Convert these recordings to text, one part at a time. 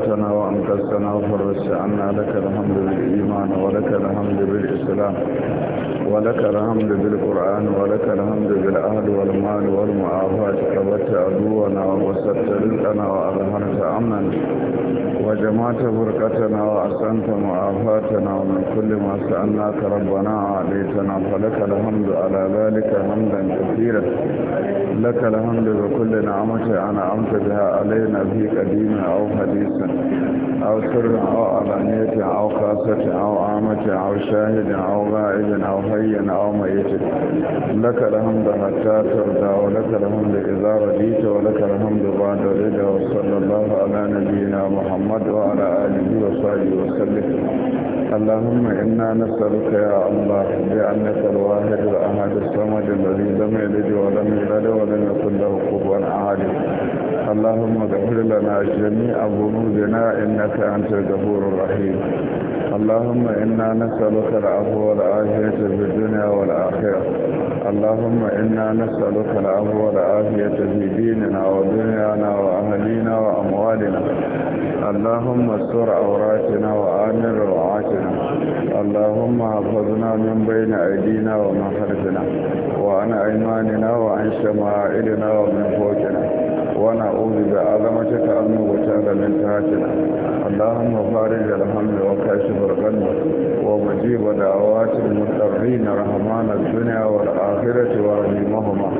ربنا وأنت استنغفر واستعنا لك الحمد بالإيمان ولك الحمد بالإسلام ولك الحمد بالقرآن ولك الحمد بالأهل والمال والمعافاة كبت عدونا وبسطت رزقنا وأظهرت أمنا وجمعت فرقتنا وأحسنت معافاتنا ومن كل ما سألناك ربنا عليتنا فلك الحمد على ذلك حمدا كثيرا لك الحمد بكل نعمة أنعمت بها علينا في قديم أو حديث ka aw sir aw alaniyati aw khasati aw amati aw shahidin aw ra'idin aw hayyin aw mayyitin laka alhamdu hatta tarda wa laka alhamdu idha radita wa laka alhamdu ba'da rida wa sallallahu ala nabiyyina muhammad wa ala alihi wa sahbihi wa sallim اللهم إنا نسألك يا الله بأنك الواحد الأحد الصمد الذي لم يلد ولم يلد ولم يكن له كفوا أحد اللهم اغفر لنا جميع ذنوبنا إنك أنت الغفور الرحيم اللهم إنا نسألك العفو والعافية في الدنيا والآخرة اللهم إنا نسألك العفو والعافية في ديننا ودنيانا وأهلينا وأموالنا اللهم استر عوراتنا وآمن روعاتنا اللهم حفظنا من بين أيدينا ومن خلفنا وعن أيماننا وعن شمائلنا ومن فوقنا wana uzu da azamace ta azmubacin ganin ta hajjina allahun mafarin da alhamdulillah kashi burganin ومجيب دعوات المضطرين رحمان الدنيا والآخرة ورحيمهما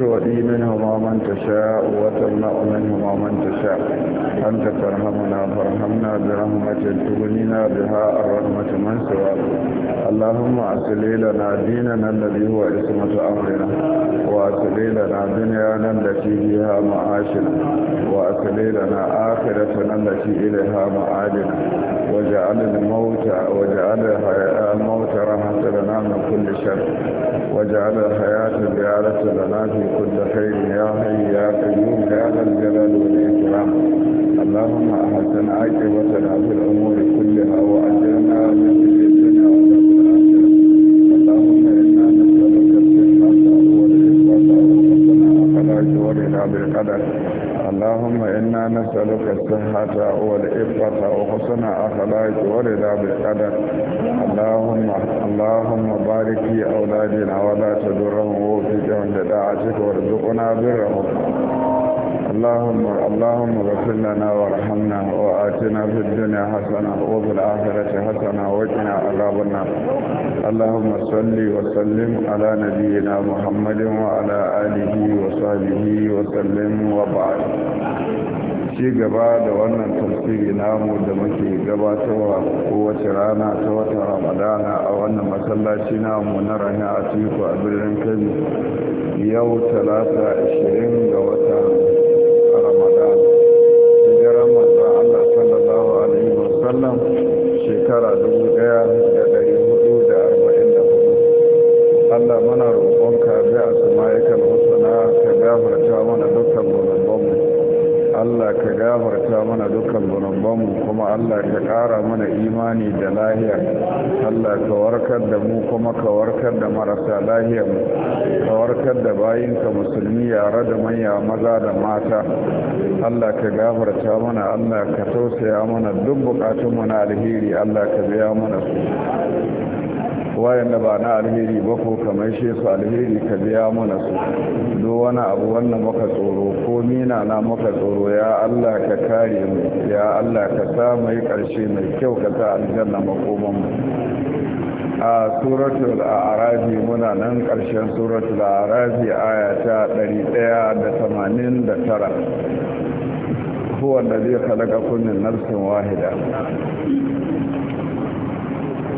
تؤتي منهما من تشاء وتمنع منهما من تشاء أنت ترحمنا فارحمنا برحمة تغنينا بها الرحمة من سواك اللهم أسلي لنا ديننا الذي هو عصمة أمرنا وأسلي لنا دنيانا التي فيها معاشنا وأسلي لنا آخرتنا التي إليها معادنا وجعل الموت وجعل الحياه الموت رحمة لنا من كل شر واجعل الحياة زيادة لنا في كل خير يا حي يا قيوم يا ذا الجلال والإكرام اللهم أحسن عاقبتنا في الأمور كلها وأجرنا من كل اللهم إنا اللهم إنا نسألك الصحة والعفة وحسن أخلاق ورضا بالقدر اللهم اللهم بارك في أولادنا ولا تدرهم وفي جهد دعاتك وارزقنا برهم اللهم اللهم اغفر لنا وارحمنا وآتنا في الدنيا حسنة وفي الآخرة حسنة وقنا عذاب النار اللهم صل وسلم على نبينا محمد وعلى آله وصحبه وسلم وبعد ci gaba da wannan tafsiri namu da muke gabatarwa kowace rana ta wata ramadana a wannan masallaci namu na rana a tiku a birnin kano yau talata 20 ga watan shekara 1444 allah mana roƙonka bi a kan husna ka gafarta mana dukkan gudunar Allah ka gafarta mana dukkan zunubanmu kuma Allah ka ƙara mana imani da lahiya Allah ka warkar da mu kuma ka warkar da marasa lahiyar ka warkar da bayinka musulmi yare da manya maza da mata Allah ka gafarta mana Allah ka tausaya mana duk bukatunmu na alheri Allah ka biya mana su da ba na alheri ba ko kamar shi su alheri ka biya mana su duk wani abu wannan muka tsoro ko mina na muka tsoro ya Allah ka kare mu ya Allah ka sa mu karshe mai kyau ka sa aljanna makoman mu a suratul arabi muna nan ƙarshen suratul arabi aya ta 189 huwa da zai kalaka kunnin nafsin wahida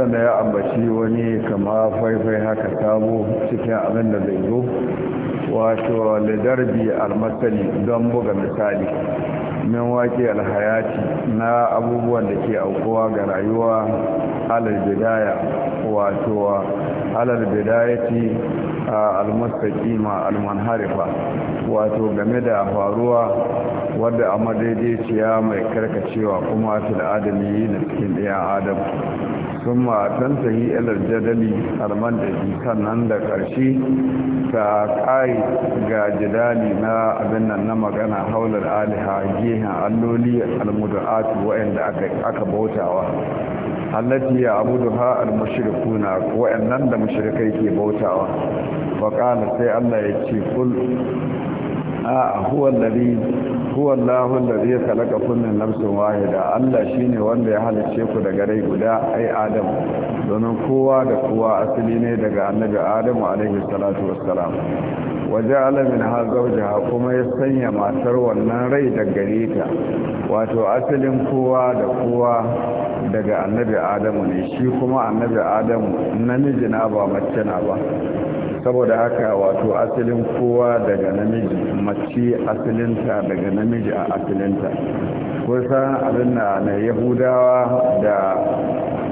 sanda ya ambaci wani kama faifai haka sabo cikin abin da zai zo wato lidarbi almasali don buga misali min wake alhayati na abubuwan da ke aukuwa ga rayuwa alal bidaya wato alal bidayati almustaqima almanharifa wato game da faruwa wadda a madaidaiciya mai karkacewa kuma fil adami na cikin ɗaya adam sun matan ta yi ilar jadali harman da shi sannan da ƙarshe ta ƙari ga jidali na abin nan na magana haular aliha gehen alloli almudu'atu wa'anda aka bautawa allati ya abudu ha almushrikuna wa'annan da mushrikai ke bautawa wa sai Allah ya ce kul a huwa alladhi huwa da allazi khalaqakum min nafsin wahida Allah shine wanda ya halicce ku daga rai guda ai Adam domin kowa da kowa asali ne daga annabi Adam alaihi salatu wassalam waja'ala minha kuma ya sanya matar wannan rai da gare ta wato asalin kowa da kowa daga annabi Adam ne shi kuma annabi Adam namiji na ba mace na ba saboda haka wato asalin kowa daga namiji mace asalinta daga namiji a asalinta kusa abin da na yahudawa da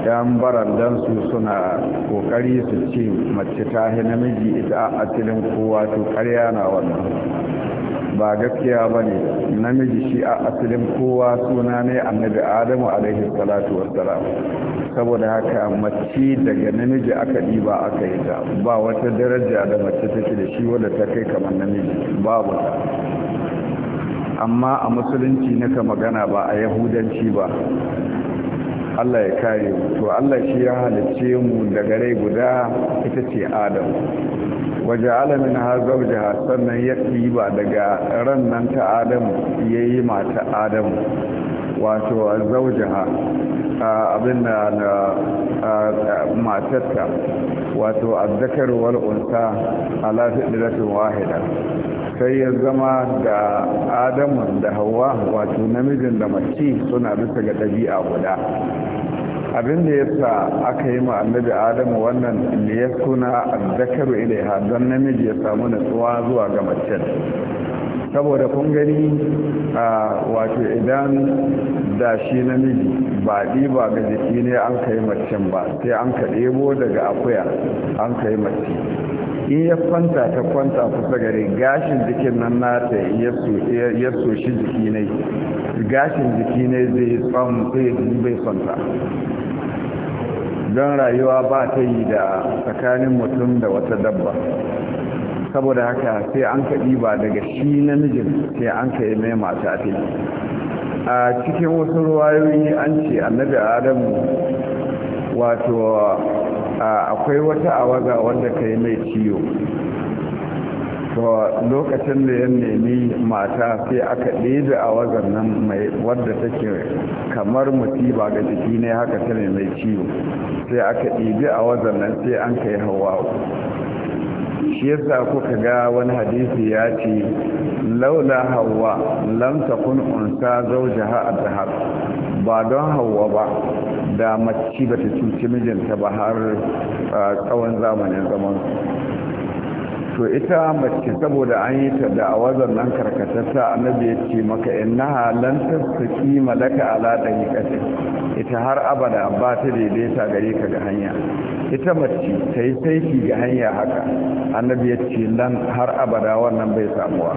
yan barandansu suna kokari su ce mace ta namiji ita asalin kowa to karya na wannan ba gaskiya ba ne namiji shi a asalin kowa suna ne annabi adamu alaihi salatu wassalam saboda haka mace daga namiji aka ɗiba aka yi ta ba wata daraja da mace take da shi wadda ta kai kamar namiji babu amma a musulunci na naka magana ba a yahudanci ba Allah ya kare to Allah shi ya halicce mu daga rai guda ita ce Adamu. waje alamin ha zaujaha sannan ya ba daga ran nan ta adamu ya yi mata adamu wato zaujaha abin da na matarka wato a wal'unta alafi ɗilatin wahida sai ya zama da adamu da hawa wato namijin da mace suna bisa ga ɗabi'a guda abin da yasa aka yi ma annabi adamu wannan ne ya suna azzakaru ilaiha don namiji ya samu natsuwa zuwa ga mace saboda kun gani a wato idan da shi namiji ba ɗiba ga jiki ne an kai mace ba sai an ka ɗebo daga akuya an kai mace in ya kwanta ta kwanta kusa gare gashin jikin nan nata ya soshi jiki ne gashin jiki ne zai tsan zai bai kwanta don rayuwa ba ta yi da tsakanin mutum da wata dabba saboda haka sai an kaɗi ba daga shi namijin sai an ka yi mai mata fi a cikin wasu ruwayoyi an ce annabi adamu wato akwai wata awaga wanda ka yi mai ciwo to lokacin da ya nemi mata sai aka ɗebe a wazan nan mai wadda take kamar musiba ga jiki ne haka ta ne mai ciwo sai aka ɗebe a wazan nan sai an kai hawa shi yasa kuka ga wani hadisi ya ce laula hawa lam takun unsa zawjaha azhar ba don hawa ba da mace ba ta cuci mijinta ba har tsawon zamanin zaman to ita mace saboda an yi ta da a wazan nan karkatatta annabi ya ce maka inna lan tasqi malaka ala dariqati ita har abada ba ta daidaita gare ka ga hanya ita mace ta yi saiki ga hanya haka annabi ya ce lan har abada wannan bai samuwa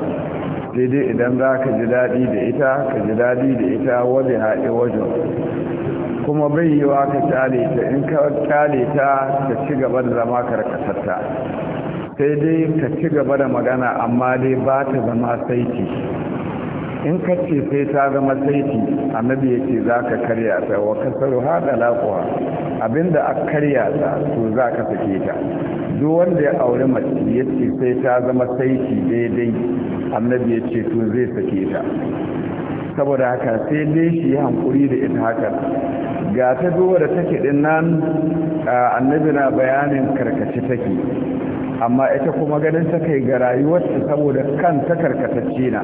daidai dai idan za ka ji daɗi da ita ka ji daɗi da ita waje haɗe wajen kuma bai yi wa ka kyale ta in ka kyale ta ta ci gaba da zama karkatarta. sai dai ka ci gaba da magana amma dai ba ta zama saiti in ka ce sai ta zama saiti annabi ya ce za ka karya ta wa kasar haɗa laƙuwa abinda a karya ta to za ka sake ta duk wanda ya auri mace ya ce sai ta zama saiti daidai annabi ya ce to zai sake ta saboda haka sai dai shi yi hankuri da ita haka ga ta duwa da take din nan annabi na bayanin karkace take amma ita kuma ganin ta kai ga rayuwarta saboda kan ta karkatacce na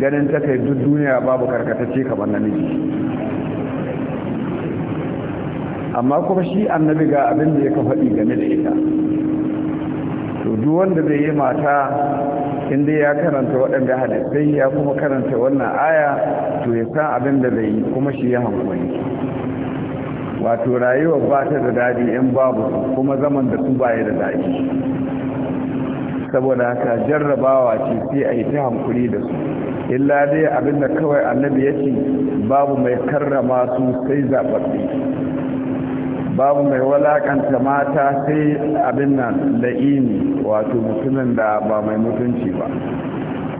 ganin ta kai duk duniya babu karkatacce kamar namiji amma kuma shi annabi ga abin da ya ka faɗi game da ita to duk wanda zai yi mata inda ya karanta waɗanda hadisai ya kuma karanta wannan aya to ya san abin da zai yi kuma shi ya hankali wato rayuwar ba ta da daɗi in babu kuma zaman da su baya da daɗi saboda haka jarrabawa ce sai a yi ta hankuri da su illa dai abinda kawai annabi ya ce babu mai karrama su sai zaɓaɓɓe babu mai walaƙanta mata sai abin nan la'imi wato mutumin da ba mai mutunci ba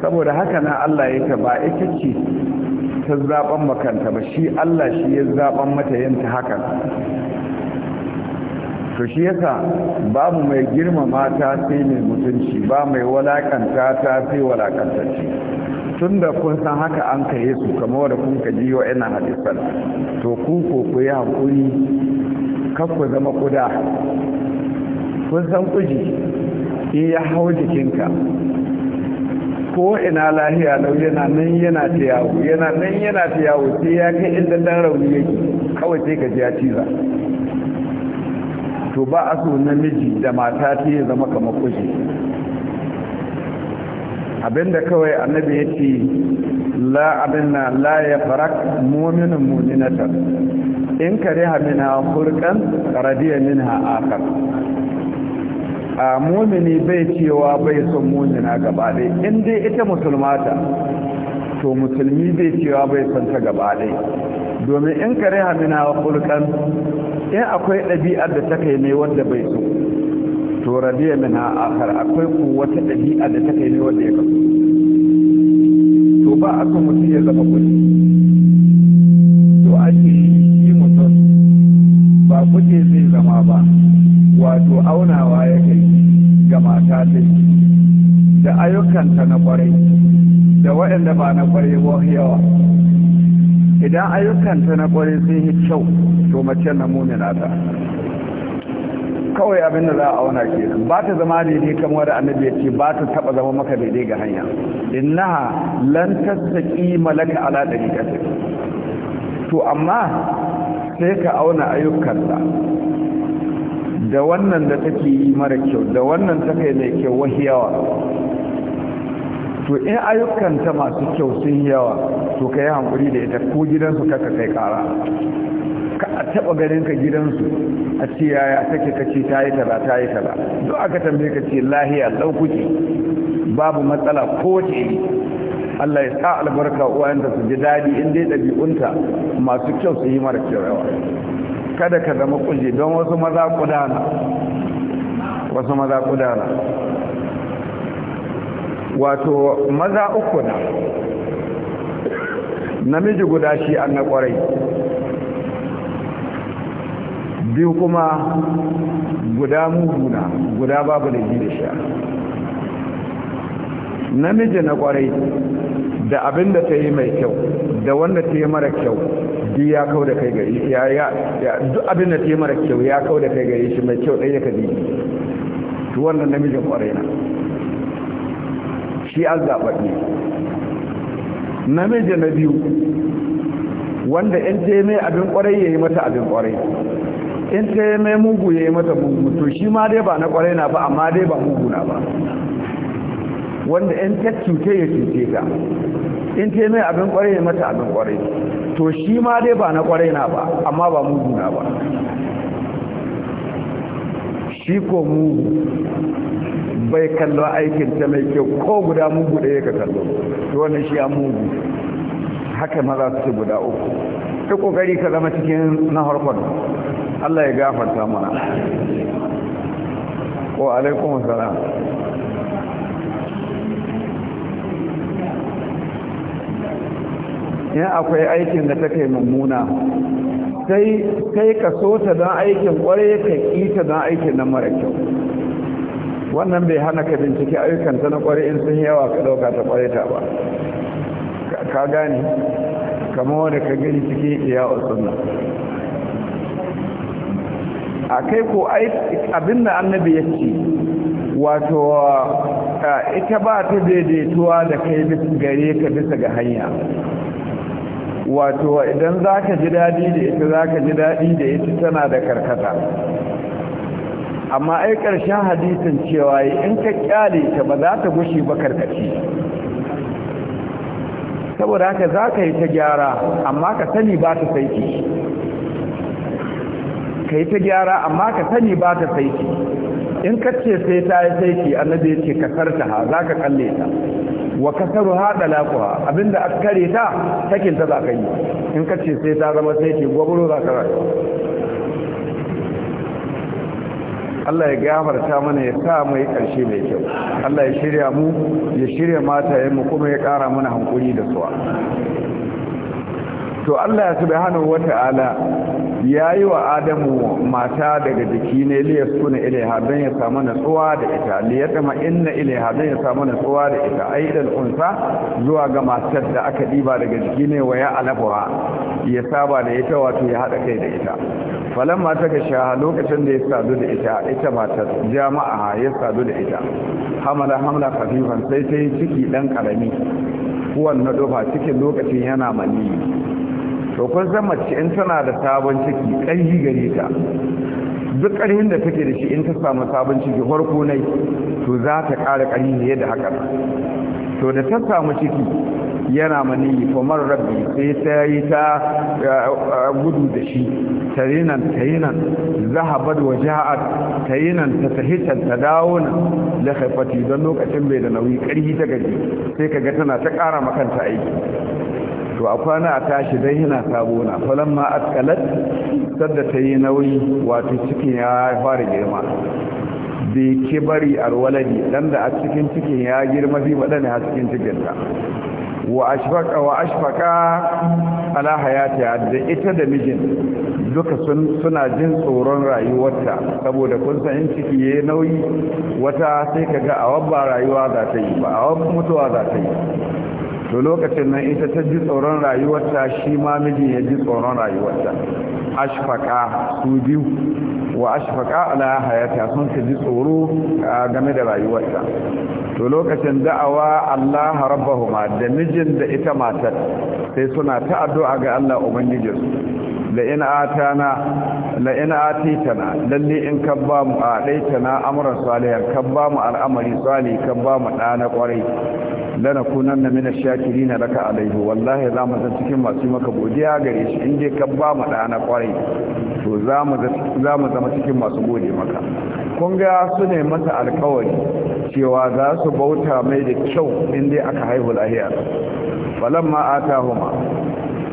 saboda haka na allah ya ta ba ita ce ta zaɓen makanta ba shi allah shi ya zaɓen mata yanta haka to shi yasa babu mai girma mata sai mai mutunci ba mai walakanta ta sai walakantacce tun da kun san haka an kaye su kamar da kun ka jiyo ina hadisan to kun ko ku yi hankuli kar ku zama kuda kun san kuji in ya hau jikinka ko ina lahiya lau yana nan yana ta yawo yana nan yana ta yawo sai ya kai inda dan rauni yake kawai sai ka ji ya ciza to ba a so namiji da mata ta yi zama kama kuji abinda kawai annabi ya ce la abinna la ya farak muminin muminatar in kare hamina furkan radiyar minha akar a mumini bai cewa bai son mumina gaba dai in dai ita musulmata to musulmi bai cewa bai son ta gaba dai domin in kare hamina furkan in akwai ɗabi'ar da ta kai ne wanda bai so to radiya min akhar akwai ku wata ɗabi'ar da ta kai ne wanda ya kasu. to ba a kan mutum ya zama kuɗi to ake yi mutum ba kuɗi zai zama ba wato aunawa ya kai ga mata ta da ayyukanta na kwarai da waɗanda ba na kwarai yawa idan ayyukanta na kwarai sun yi kyau to mace na mumina ta kawai abinda za a auna ke ba ta zama daidai kamar da annabi ya ce ba ta taba zama maka daidai ga hanya Inna-ha, lantar ta ƙi malaka ala ɗari ƙasa to amma sai ka auna ayyukanta da wannan da take yi mara kyau da wannan take mai kyau wahiyawa to in ayyukanta masu kyau sun yawa to ka yi hankuri da ita ko gidansu kaka kai kara ka a taɓa ganin ka gidansu a ce yaya take kace ta yi tara ta yi tara duk aka tambaye ka ce lahiya laukuki babu matsala ko ce iri Allah ya sa albarka uwayenta su ji daɗi in dai ɗabi'unta masu kyau su yi mara kyau kada ka zama kuje don wasu maza kudana wasu maza kudana wato maza uku na namiji guda shi an na kwarai biyu kuma guda muguna guda babu da ji da sha namiji na kwarai da abin da ta yi mai kyau da wanda ta yi mara kyau duk ya kau da kai gari yi, duk abin da ta yi mara kyau ya kau da kai gari shi mai kyau ɗaya ka ji wannan namijin kwarai na shi an zaɓaɓe namiji na biyu wanda in ta mai abin kwarai ya yi mata abin kwarai in ta mai mugu ya yi mata mugu to shi ma dai ba na kwarai na ba amma dai ba mugu na ba wanda in ta cuce ya cuce ta in ta mai abin kwarai ya yi mata abin kwarai to shi ma dai ba na kwarai na ba amma ba mugu na ba shi ko mugu bai kallon aikin ta mai kyau ko guda mugu da ya ka kallo to wannan shi ya mugu haka maza su guda uku ta kokari ka zama cikin na harkon Allah ya gafarta mana wa alaikum assalam in akwai aikin da take mummuna sai ka so ta don aikin kwarai ka ƙi ta don aikin na mara kyau wannan bai hana ka bincike ayyukanta na kwarai in sun yawa ka dauka ta kwarai ta ba ka gane kamar wanda ka gani cikin iya nan. a kai ko abin da annabi ya ce wato ita ba ta daidaituwa da kai gare ka bisa ga hanya wato idan za ka ji daɗi da ita za ka ji daɗi da ita tana da karkata amma ai ƙarshen hadisin cewa in ka kyale ta ba za ta gushi ba karkaci saboda haka za ka yi ta gyara amma ka sani ba ta saiki ka yi ta gyara amma ka sani ba ta saiki in ka ce sai ta yi saiki annabi ya ce ka sarta ha za ka kalle ta wa kasaru ha dalaquha abinda aka kare ta sakin ta za ka yi in ka ce sai ta zama saiki gwabro za ka rayu Allah ya gafarta mana ya sa mai ƙarshe mai kyau Allah ya shirya mu ya shirya matayen mu kuma ya ƙara mana hankuri da suwa to Allah subhanahu wata'ala ya yi wa adamu mata daga jiki ne liyar suna ile don ya samu natsuwa da ita liyar dama inna ile don ya samu natsuwa da ita a idan unsa zuwa ga matar da aka ɗiba daga jiki ne wa ya alafawa ya saba da ita wato ya haɗa kai da ita falon mata ga sha lokacin da ya sadu da ita ita matar jama'a ya sadu da ita hamala hamla kafifan sai ta ciki ɗan ƙarami kowanne dofa cikin lokacin yana maniyi to kun san mace in tana da sabon ciki ƙarfi gare ta duk ƙarfin da take da shi in ta samu sabon ciki farko nai to za ta ƙara ƙarfi ne yadda haka to da ta samu ciki yana mani mar rabbi sai ta yi ta gudu da shi ta yi nan ta yi nan waja'at ta yi ta ta dawo nan da haifati don lokacin bai da nauyi ƙarfi ta gaji sai kaga tana ta ƙara makanta aiki to a kwana a tashi dai yana sabo na falon ma askalat sadda ta yi nauyi wato cikin ya fara girma bai ke bari alwaladi dan da a cikin cikin ya girma fi waɗanda a cikin cikin ta. wa ashfaka wa ashfaka ala hayati da ita da mijin duka sun suna jin tsoron rayuwarta saboda kun san in ciki yayi nauyi wata sai kaga a wabba rayuwa za ta yi ba a wabba mutuwa za ta yi to lokacin nan ita ta ji tsoron rayuwarta shi ma mijin ya ji tsoron rayuwarta ashfaka su biyu wa ashfaka ala hayata sun ta ji tsoro game da rayuwarta to lokacin da'awa Allah rabbahuma da mijin da ita matar sai suna ta addu'a ga Allah ubangijinsu la in atana la in atitana lalle in ka ba mu adaitana amran salihan ka ba mu al'amari sali ka ba mu dana kwarai lana kunan na mina na raka alaihi wallahi za mu zama cikin masu maka godiya gare shi in je ka ba mu dana kwarai to za mu zama cikin masu gode maka kun ga su ne masa alkawari cewa za su bauta mai da kyau in dai aka haihu lahiya falamma atahuma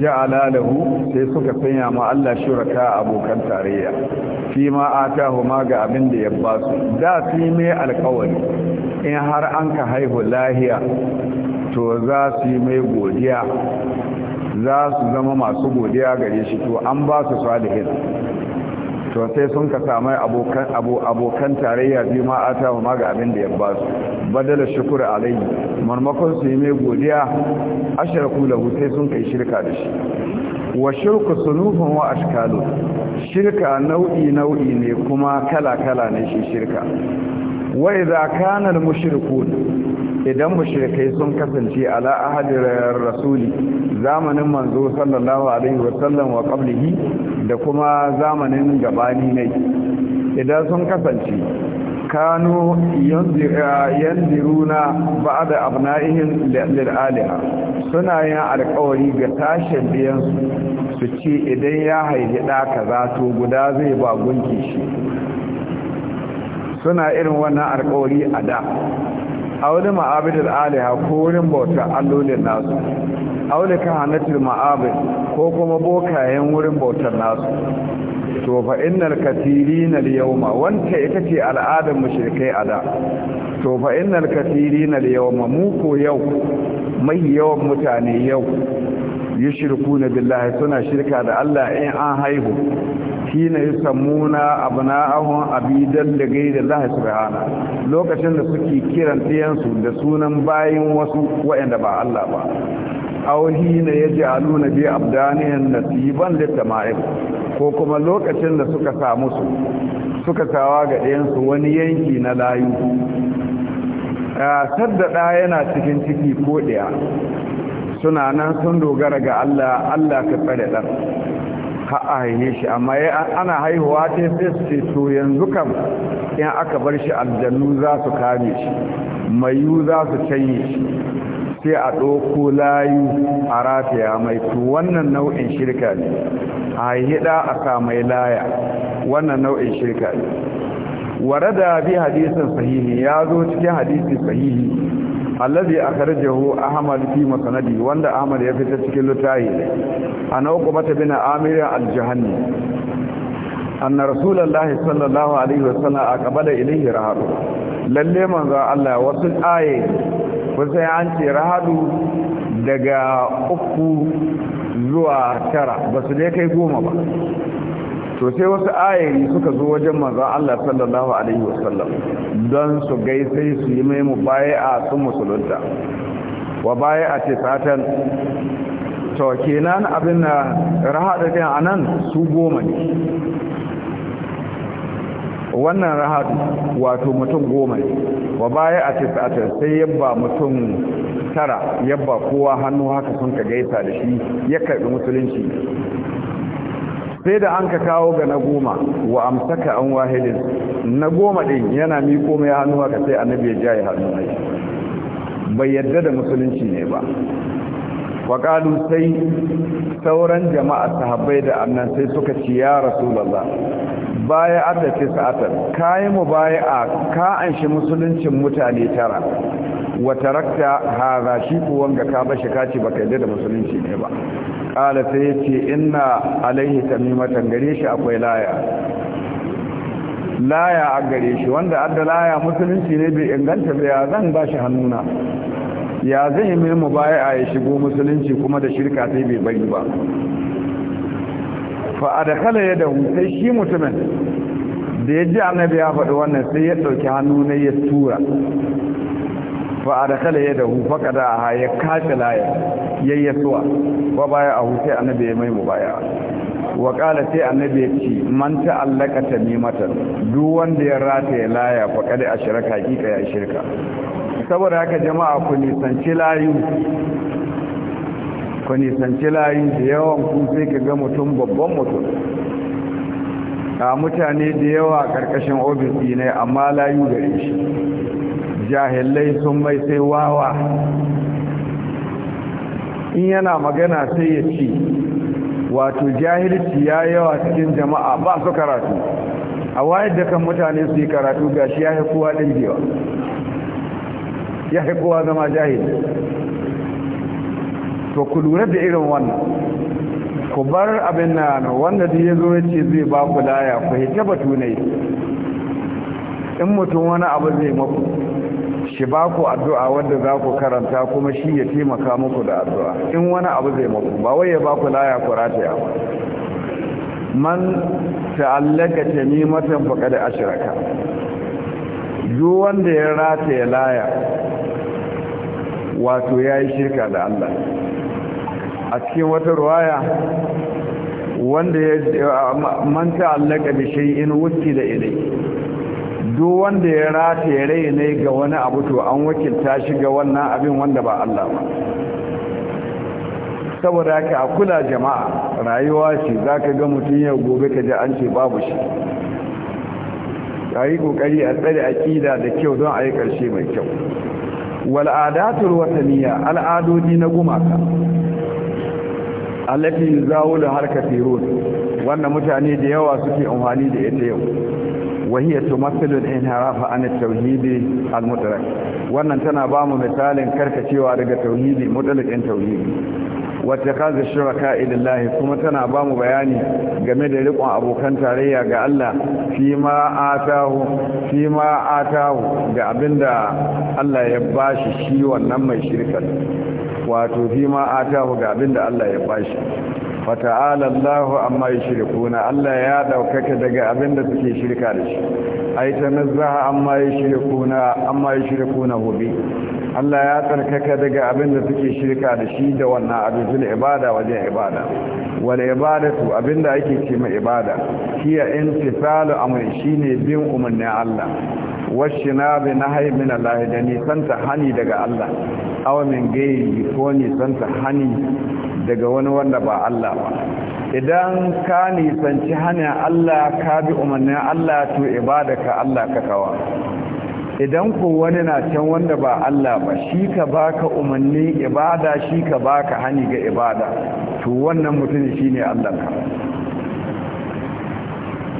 ja'ala lahu sai suka sanya ma Allah shuraka abokan tarayya fi ma atahu ma ga abin da ya ba su da su mai alƙawari in har an ka haihu lahiya to za su yi mai godiya za su zama masu godiya gare shi to an ba su salihin to sai sun ka samu abokan tarayya biyu ma ma ga abin da ya ba su badala shukuru alayhi marmakon su yi mai godiya ashraku lahu sai sun kai shirka da shi wa shirku sunufun wa ashkalu shirka nau'i nau'i ne kuma kala kala ne shi shirka wa idza kana al idan mushrikai sun kasance ala ahadir rasuli zamanin manzo sallallahu alaihi wasallam wa qablihi da kuma zamanin gabani ne idan sun kasance kanu yanziruna ba'da abna'ihim lil aliha suna yin alƙawari ga tashin biyan su ce idan ya haifi da kaza to guda zai ba gunki shi suna irin wannan alƙawari a da a wani ma'abidar aliha ko wurin bauta allolin nasu aule ka hannatar ma'abid ko kuma bokayen wurin bautar nasu to fa innal katirina al-yawma wanta ita ce al'adar mushrikai ada to fa innal katirina al-yawma mu ko yau mai yawan mutane yau yushrikuna billahi suna shirka da Allah in an haihu hina yusammuna abna'ahum abidan da da Allah subhana lokacin da suke kiran ɗiyansu da sunan bayan wasu waɗanda ba Allah ba aw Aluna yaj'aluna bi abdanihim nasiban litama'ib ko kuma lokacin da suka sa su suka sawa ga ɗayansu wani yanki na layu ah, sadda ɗaya yana cikin ciki ko ɗaya tunanan sun dogara ga Allah Allah ka tsare dan? ha a haihe shi amma ana haihuwa ta sai to yanzu kam in aka bar shi aljannu za su kame shi mayu za su canye shi sai a ɗauko layu a rataya mai to wannan nau'in shirka ne a haihida a sa mai laya wannan nau'in shirka ne warada bi hadisin sahihi ya zo cikin hadisi sahihi alladhi akhrajahu ahmad fi musnadi wanda ahmad ya fitar cikin lutayi ana uqbata bin amir al-jahanni anna rasulullahi sallallahu alaihi wasallam aqbala ilayhi rahab lalle manzo Allah wasu aye wasu an ce rahadu daga uku zuwa tara basu ne kai goma ba to sai wasu ayari suka zo wajen manzon Allah sallallahu alaihi wasallam don su gaisai su yi mai mubaya'a sun musulunta wa baya'a ce satan to kenan abin da rahada din anan su goma ne wannan rahadu wato mutum goma ne wa baya a ce satan, sai yabba mutum tara yabba kowa hannu haka sun ka gaisa da shi ya karbi musulunci sai da an ka kawo ga na goma wa amsaka an wahilin na goma din yana miko mai hannu haka sai annabi ya jaye hannu bai yadda da musulunci ne ba Waƙalu sai sauran jama'a sahabbai da annan sai suka ci ya rasulallah baya adda ce sa'atar kayi mu baya a ka anshi musuluncin mutane tara Wata tarakta haza shi kuwan ga ka bashi kaci baka yadda da musulunci ne ba ƙala sai ya ce ina alaihi tamimatan gare shi akwai laya laya a gare shi wanda adda laya musulunci ne bai inganta bai zan ba shi hannuna ya zai mai mubaya'a ya shigo musulunci kuma da shirka sai bai bari ba fa a da kala ya da sai shi mutumin da ya ji annabi ya faɗi wannan sai ya ɗauki hannu na ya tura fa a da kala ya adkhala yadahu da ha ya kace laya yayyasuwa ba baya a sai annabi ya mai mubaya'a wa kala sai annabi ya ci man ta'allaka tamimatan duk wanda ya rata ya laya kada a shirka hakika ya shirka saboda haka jama'a ku nisanci layu ku nisanci layu da yawan ku sai ka ga mutum babban mutum a mutane da yawa ƙarƙashin ofisi ne amma layu gare shi jahilai sun mai sai wawa in yana magana sai ya ce wato jahilci ya yawa cikin jama'a ba su karatu a wayar da kan mutane su yi karatu ga shi ya haifuwa ɗin biyu ya fi kowa zama jahil. to ku lura da irin wannan ku bar abin na wanda da ya zo ya ce zai ba ku laya ku hita batu ne in mutum wani abu zai maku shi ba ku addu'a wanda za ku karanta kuma shi ya taimaka muku da addu'a in wani abu zai maku ba wai ya ba ku laya ku rataya ba man ta'allaka tamimatan faqad ashraka duk wanda ya rata ya laya wato ya yi shirka da Allah a cikin wata ruwaya wanda ya manta allaka da in wuce da ilai duk wanda ya rata ya rai ne ga wani abu to an wakilta shi ga wannan abin wanda ba Allah ba saboda haka a kula jama'a rayuwa ce zaka ga mutum ya gobe ka ji an ce babu shi a yi kokari a tsare akida da kyau don a yi ƙarshe mai kyau wal'adatul wataniya al'adodi na gumaka allafi zawo da harkar firot wanda mutane da yawa suke amfani da ita yau وهي تمثل الانحراف عن al المطلق wannan tana ba mu misalin karkacewa daga tauhidi mutlaqin tauhidi wata kaza shuraka illahi kuma tana ba mu bayani game da rikon abokan tarayya ga Allah fi ma atahu fi ma atahu da abinda Allah ya bashi shi wannan mai shirka wato fi ma atahu ga abinda Allah ya bashi fata'ala Allah amma yushrikuna Allah ya daukaka daga abinda suke shirka da shi ay tanazzaha amma yushrikuna amma yushrikuna bi Allah ya tsarkaka daga abin da suke shirka da shi da wannan abin ibada wajen ibada wal ibadatu abin da ake ce mai ibada hiya intisalu shi shine bin umarnin Allah na bi nahyi min Allah da nisanta hani daga Allah aw min gairi ko nisanta hani daga wani wanda ba Allah ba idan ka nisanci hani Allah ka bi umarnin Allah to ibadaka Allah ka kawa idan ko wani na can wanda ba Allah ba shi ka baka umarni ibada shi ka baka hani ga ibada to wannan mutum shine Allah ka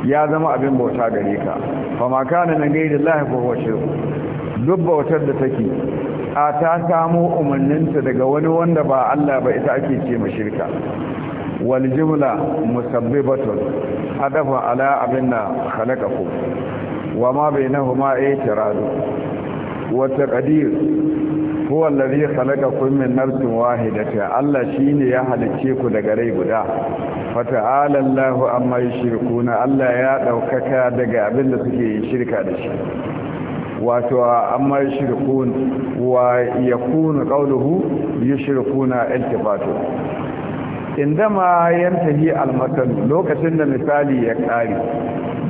ya zama abin bauta gare ka fama kana na gai da ko wace duk bautar da take a ta samo umarninta daga wani wanda ba Allah ba ita ake ce ma shirka wal jumla musabbibatun adafa ala abinna khalaqakum wa ma bai na ma a yi tiradu wata ƙadir kowallar ya salaka kummin narsin wahi da ta Allah shi ne ya halice ku daga rai guda fata alallahu an mai shirku na Allah ya ɗaukaka daga abinda da suke yin shirka da shi wato an mai shirku wa ya kunu ƙauluhu yi shirku na Inda indama yantahi almatan lokacin da misali ya kare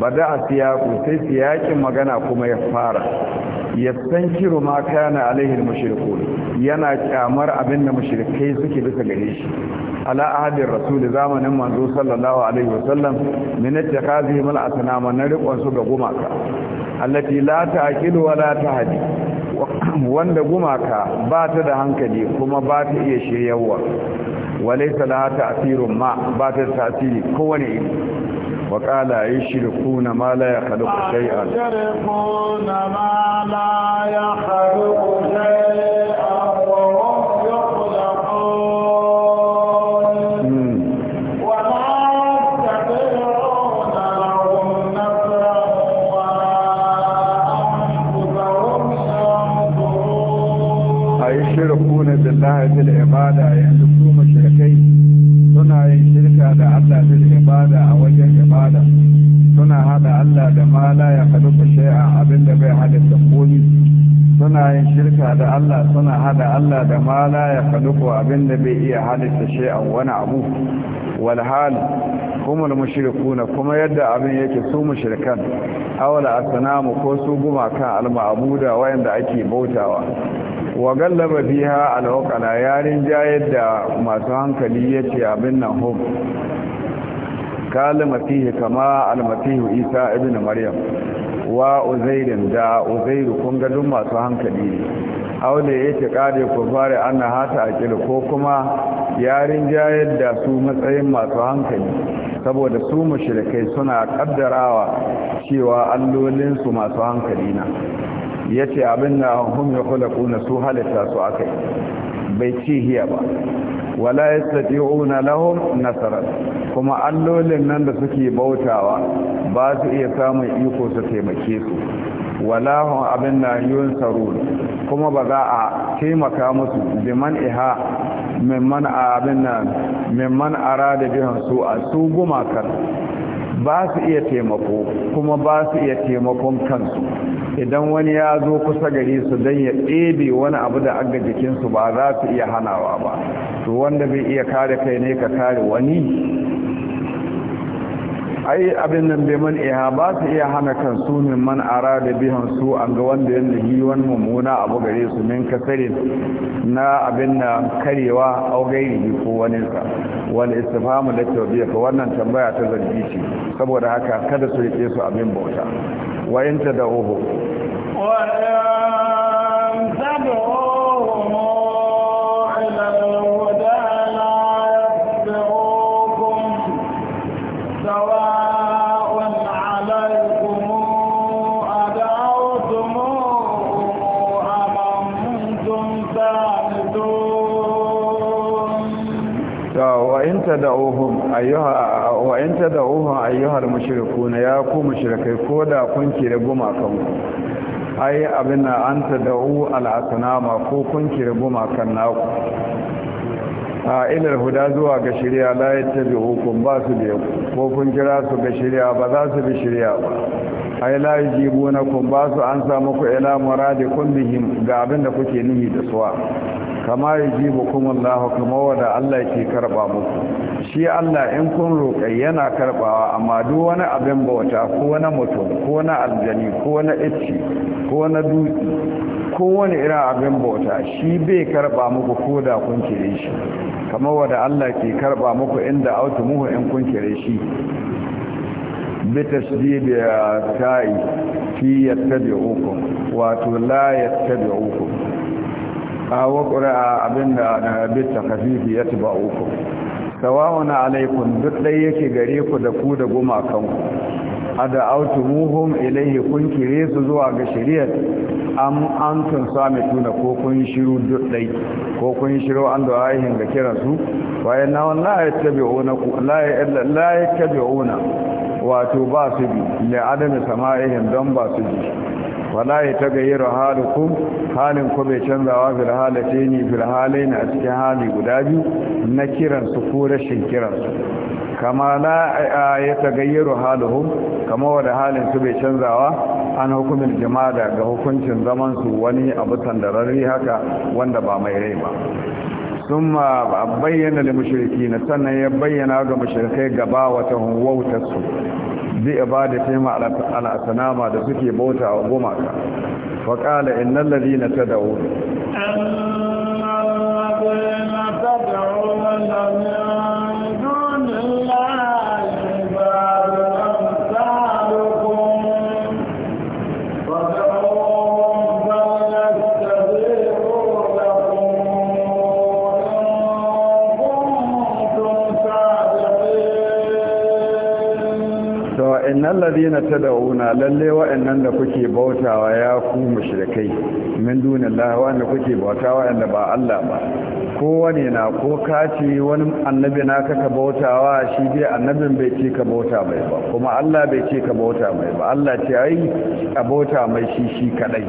bada a siyaku sai siyakin magana kuma ya fara ya san kiro ma kana alaihi mushriku yana kyamar abinda mushrikai suke bisa gare shi ala ahadin rasul zamanin manzo sallallahu alaihi wasallam min ittikhazihim mal asnama na rikon su ga gumaka allati la ta'qilu wa la tahdi wanda gumaka ba ta da hankali kuma ba ta iya shiryawa وليس لها تأثير ما بات التأثير كوني وقال يشركون ما لا يخلق شيئا يشركون ما لا يخلق شيئا da Allah da mala ya abin abinda bai iya halitta a wani abu wal hal humul mushrikuna kuma yadda abin yake su mushrikan awala asnamu ko su guma kan al-ma'buda wayanda ake bautawa wa gallaba biha al-uqala yarin jayar da masu hankali yace abin nan Kali kalmatihi kama al isa ibn maryam wa uzairin da uzairu kun ga masu hankali ne ya ce kare ku fara ana hata a kila ko kuma yarin jayar da su matsayin masu hankali saboda su mashirikai suna kaddarawa cewa allolinsu masu hankali na ce abin da kula yakhluquna su halitta su aka yi, bai ci hiya ba wala una lahum nasarar, kuma allolin nan da suke bautawa ba su iya samun iko su taimake su walahun abin da yiwun sarur kuma ba za a taimaka musu biman iha mimman abin ara da bihan su a su kan? ba su iya taimako kuma ba su iya taimakon kansu idan wani ya zo kusa gari su don ya ɗebe wani abu da aga jikinsu ba za su iya hanawa ba to wanda bai iya kare kai ne ka kare wani ai abin nan bai man iya ba su iya hana su min man ara da bihan su an ga wanda ya nuhi wani mummuna abu gare su min kasarin na abin na karewa au gairi ko wani sa wani istifamu da tawbiya ka wannan tambaya ta zargi ce saboda haka kada su rike su abin bauta wayan da oho. wa'in ta ohun ayyuhar mashirku na ya ku mashirkai ko da kun kira gumakan ai abin na an ta da'u al'asanama ko kun kira gumakan naku a ilar huda zuwa ga shirya layar ta bi hukun ba su biyu ko kun kira su ga shirya ba za su bi shirya ba ai layar jibu na kun ba su an samu ku ila muradi kun bihim ga abin da kuke nihi da suwa kama yajibu lahu kuma wanda Allah ke karba muku shi Allah in kun roƙa yana karbawa amma duk wani abin bauta ko na mutum ko na aljani ko na icci ko na dutse ko wani irin abin bauta shi bai karba muku ko da kun kire shi kama wanda Allah ke karba muku inda muku in kun kire shi bitashdid ta'i fi yattabi'ukum wato la yattabi'ukum a ƙuri'a abinda da eh, na bita kafifi ya ci tuba uku sawawun alaikun duk ɗai yake gare ku da ku da gumakanku a da muhum ilaihi kun kire su zuwa ga shari'ar an tun sami tuna ko kun shiru duk ɗai ko kun shiru an da ainihin ga kiransu wayan na wani laye wato ba su bi da sama'ihim don ba su ji wala ya ta gayyara halukum halin ku bai canzawa fil halace ni fil halain a cikin hali guda biyu na kiran su ko rashin kiran su kama la ya ta gayyara haluhum kama wada halin su bai canzawa an hukumin jama'a ga hukuncin zaman su wani abu tandararri haka wanda ba mai rai ba sun ma bayyana da mashirki na sannan ya bayyana ga mashirkai gaba wata wautarsu zai ba da taima al'asanama da suke bauta wa gumaka faƙala innan lalina ta da'o alladhina tad'una lalle wa'annan da kuke bautawa ya ku mushrikai min dunillahi wa'anda kuke bautawa wa'anda ba Allah ba kowane na ko kace wani annabi na kaka bautawa shi dai annabin bai ce ka bauta mai ba kuma Allah bai ce ka bauta mai ba Allah ce ai ka bauta mai shi shi kadai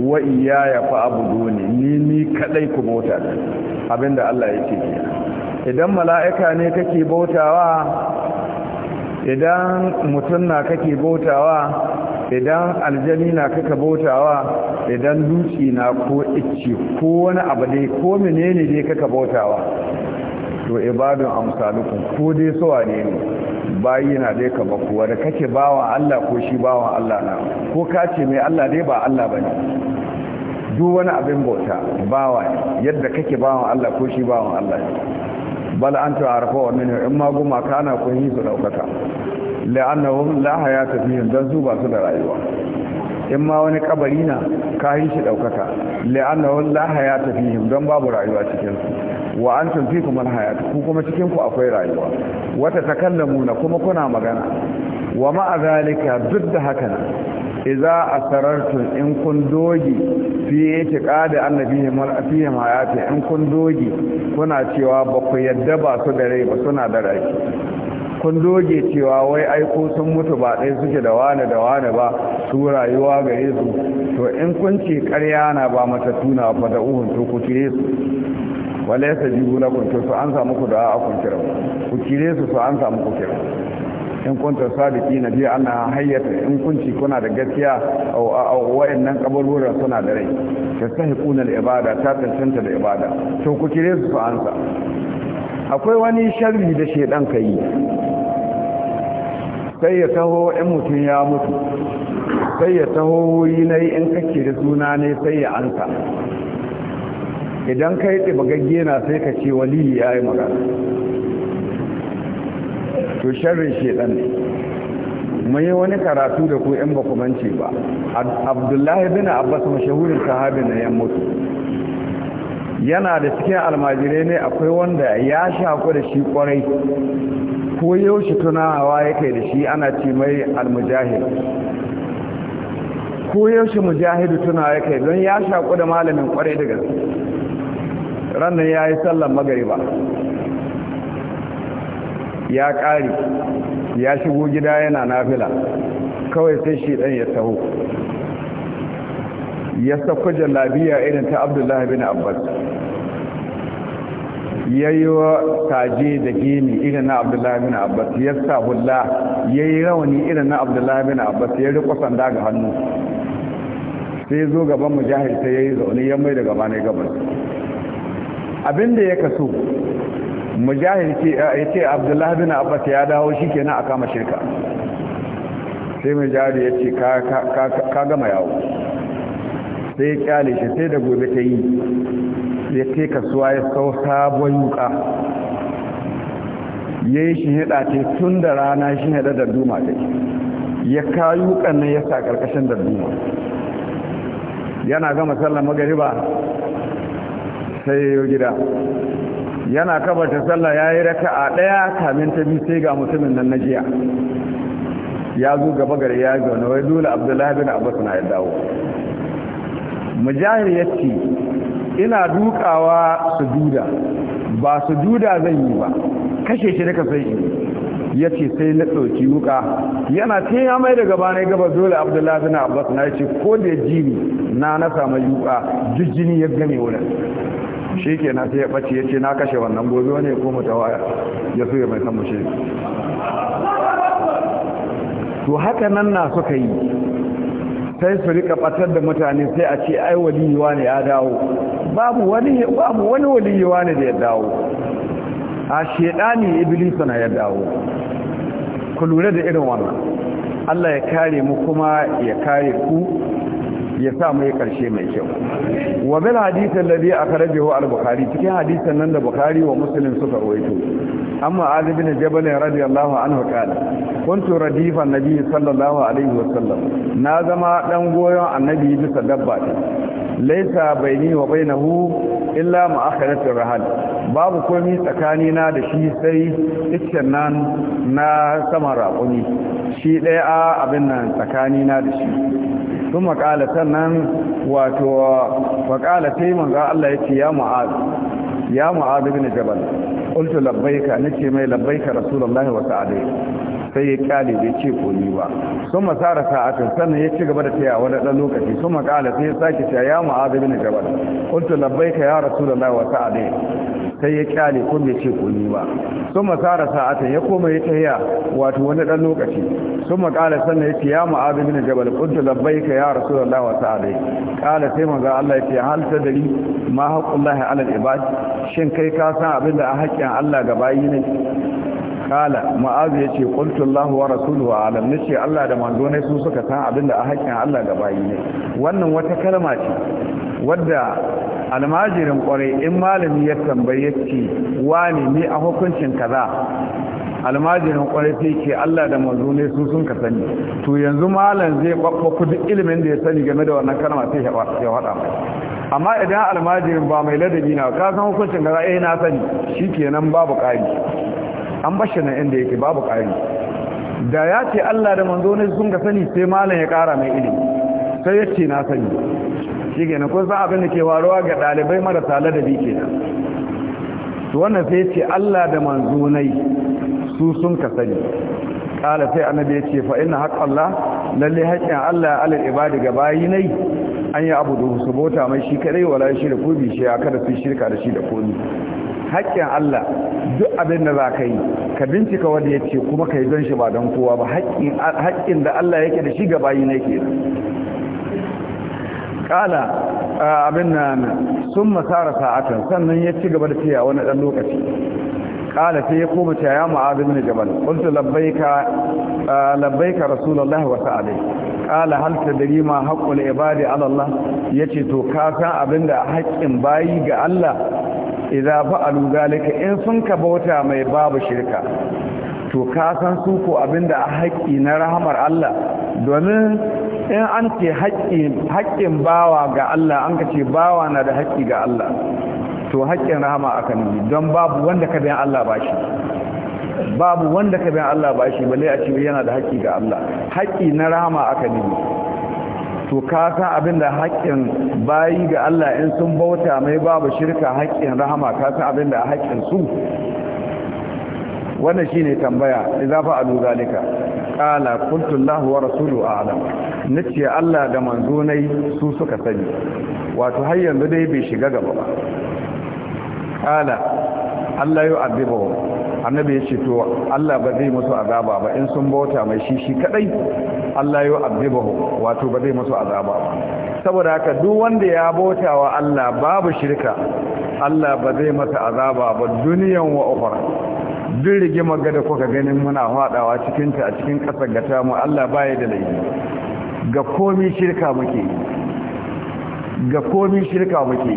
wa iyaya fa abuduni ni ni kadai ku bauta abinda Allah yake ce idan mala'ika ne kake bautawa idan mutum na kake bautawa idan aljani na kaka bautawa idan dutse na ko icce ko wani abu dai ko menene ne kaka bautawa to ibadun amsalukum ko dai sowa ne ne bayi na dai ka kuwa wanda kake bawa Allah ko shi bawa Allah na ko kace mai Allah dai ba Allah bane duk wani abin bauta bawa yadda kake bawan Allah ko shi bawan Allah ne bal anta arfa wa minhu in ma goma kana ku yi su daukaka la'annahum la hayata fihim dan su ba su da rayuwa in ma wani kabari na ka yi shi daukaka la'annahum la hayata fihim dan babu rayuwa cikin su wa antum fikum al hayat kuma cikin akwai rayuwa wata takallamuna kuma kuna magana wa ma'azalika duk da haka iza asarartum in kun dogi fi itiqadi an wal afihim hayati in kun dogi kuna cewa ba ku yadda ba su da rai ba suna da rai kun doge cewa wai aiko sun mutu ba ɗaya suke da wane da wane ba su rayuwa ga Yesu to in kun ce ƙarya na ba mata tuna ba da uhun to ku kire su wale sa jibu na kun to su an samu ku da a kun kira ku kire su su an samu ku kira in kunta sadiki na biya ana hayyata in kunci kuna da gaskiya nan kaburbura suna da rai ta sahi da ibada ta tantanta da ibada to ku kire su su ansa akwai wani sharri da shedan ka yi sai ya taho in mutum ya mutu sai ya taho wuri na in kake da suna ne sai ya ansa idan kai yi bagagge na sai ka ce waliyi ya yi magana to sharrin shedan ne mun yi wani karatu da ku in ba ku mance ba abdullahi bin abbas mashahurin sahabi na yan mutu yana da cikin almajirai ne akwai wanda ya shaku da shi kwarai ko yaushe tunawa yake da shi ana ce mai almujahid ko yaushe mujahidu tunawa yake don ya shaku da malamin kwarai daga gaske nan ya yi sallan magariba ya ƙare ya shigo gida yana nafila kawai sai shi ɗan ya taho ya sauka jallabiya irin ta abdullahi bin abbas ya yi wa taje da gini irin na abdullahi bin abbas ya sa hula ya yi rauni irin na abdullahi bin abbas ya riƙo sanda ga hannu sai zo gaban mujahid sai ya yi zaune ya mai da gaba ne gabas abinda ya kaso mujahid ya ce abdullahi bin abbas ya dawo shi kenan a kama shirka sai mujahid ya ce ka gama yawo sai ya kyale shi sai da gobe ta yi ya ce kasuwa ya sau sabon yuka ya yi shi hida ce tun da rana shi hada da duma ta ya kayu kannan ya sa karkashin da duma yana gama sallar magariba sai ya gida yana kabata sallah ya yi raka a ɗaya kamin ta biyu sai ga mutumin nan na jiya ya zo gaba gari ya zaune wai dole abdullahi bin abbas na ya dawo mujahir ya ce ina dukawa su duda ba su duda zan yi ba kashe shi daga sai ya ce sai na ɗauki wuka yana ce ya mai daga bane gaba dole abdullahi bin abbas na ya ce ko da jini na na samu yuka jijjini ya gane wurin shi ke na sai ya ɓace ya ce na kashe wannan gobe wani ya koma ta waya ya so mai san mushe to haka nan na suka yi sai su rika batar da mutane sai a ce ai waliyuwa ne ya dawo babu wani babu wani waliyuwa ne da ya dawo a shedani iblisu na ya dawo ku lura da irin wannan Allah ya kare mu kuma ya kare ku ya sa mai karshe mai kyau wa bil hadithin ladhi akhrajahu al-bukhari cikin hadisin nan da bukhari wa muslim suka rawaito amma ali bin jabal radiyallahu anhu kana kuntu na nabi sallallahu alaihi wa na zama ɗan goyon annabi bisa dabba laisa ni wa bainahu illa ma'akhiratul rahal babu komi tsakani na da shi sai iccen nan na sama raƙumi shi ɗaya abin nan tsakani na da shi sun sannan wato wa kala sai manzo Allah ce ya mu'az ya mu'az ibn jabal qultu labbaika nace mai labbaika rasulullahi wa sa'adai sai ya kyale bai ce koli ba sun masara sa'atin sannan ya ci gaba da taya wani ɗan lokaci sun makala sai ya sake cewa ya mu'azu bin jabal kuntu ka ya rasu rasulullahi wa sa'adai sai ya kyale ko bai ce koli ba sun masara sa'atin ya koma ya taya wato wani ɗan lokaci sun makala sannan ya ce ya mu'azu bin jabal kuntu ka ya rasu rasulullahi wa sa'adai kala sai maza Allah ya ce hal dari ma haqqullahi ala al-ibad shin kai ka san abin da a haƙƙin Allah ga bayi ne kala ma'azu ya ce kultullahu wa rasuluhu alam ce Allah da manzo ne su suka san abin da a hakkin Allah ga bayi ne wannan wata kalma ce wadda almajirin kwarai in malami ya tambaye ce wani ne a hukuncin kaza almajirin kwarai sai ke Allah da manzo ne su sun ka sani to yanzu malam zai babba duk ilimin da ya sani game da wannan kalma sai ya faɗa mai amma idan almajirin ba mai ladabi na ka san hukuncin kaza eh na sani shikenan babu kari. an bashi na inda yake babu ƙari da ya ce Allah da manzo ne sun ga sani sai malam ya kara mai ilimi sai ya ce na sani shi ke kun san abin da ke waruwa ga ɗalibai marasa ladabi ke nan Su wannan sai ce Allah da manzo ne su sun ka sani ƙala sai annabi ya ce fa inna haƙ Allah lalle haƙƙin Allah ya alal ibadi ga bayi ne an yi abu da su bota mai shi kadai wala shi da kobi shi ya kada su shirka da shi da komi haƙƙin Allah duk abin da za ka yi ka bincika wanda ya ce kuma ka yi don shi ba don kowa ba haƙƙin da Allah yake da shi ga bayi na ke ƙala abin na sun masara sa'atan sannan ya ci gaba da fiya wani ɗan lokaci ƙala sai ya koma ta ya ma'azin na jabal ƙuntu labbaika rasulallah wa sa'adai ƙala halta da rima haƙƙul ibadi alallah ya ce to ka san abin da haƙƙin bayi ga Allah idza fa'alu zalika in sun ka bauta mai babu shirka to ka san su ko abinda a haƙƙi na rahamar Allah domin in an ce haƙƙin bawa ga Allah an ka ce bawa na da haƙƙi ga Allah to haƙƙin rahama aka nuni don babu wanda ka bayan Allah ba shi babu wanda ka bayan Allah ba shi balle a ce yana da haƙƙi ga Allah haƙƙi na rahama aka nuni to ka abinda abin da haƙƙin bayi ga Allah in sun bauta mai babu shirka haƙƙin rahama ka san abin da haƙƙin su wannan shine tambaya izafa fa alu zalika qala qultu Allah wa rasulu a'lam nace Allah da manzo nai su suka sani wato har yanzu dai bai shiga gaba ba qala Allah yu'adibuhum annabi ya ce to Allah ba zai musu azaba ba in sun bauta mai shi shi kadai Allah ya azibahu wato ba zai musu azaba ba saboda haka duk wanda ya bauta wa Allah babu shirka Allah ba zai masa azaba ba duniyan wa ukhra duk rigima ga da kuka ganin muna fadawa cikin ta a cikin kasar gata mu Allah baya da laifi ga komi shirka muke ga komai shirka muke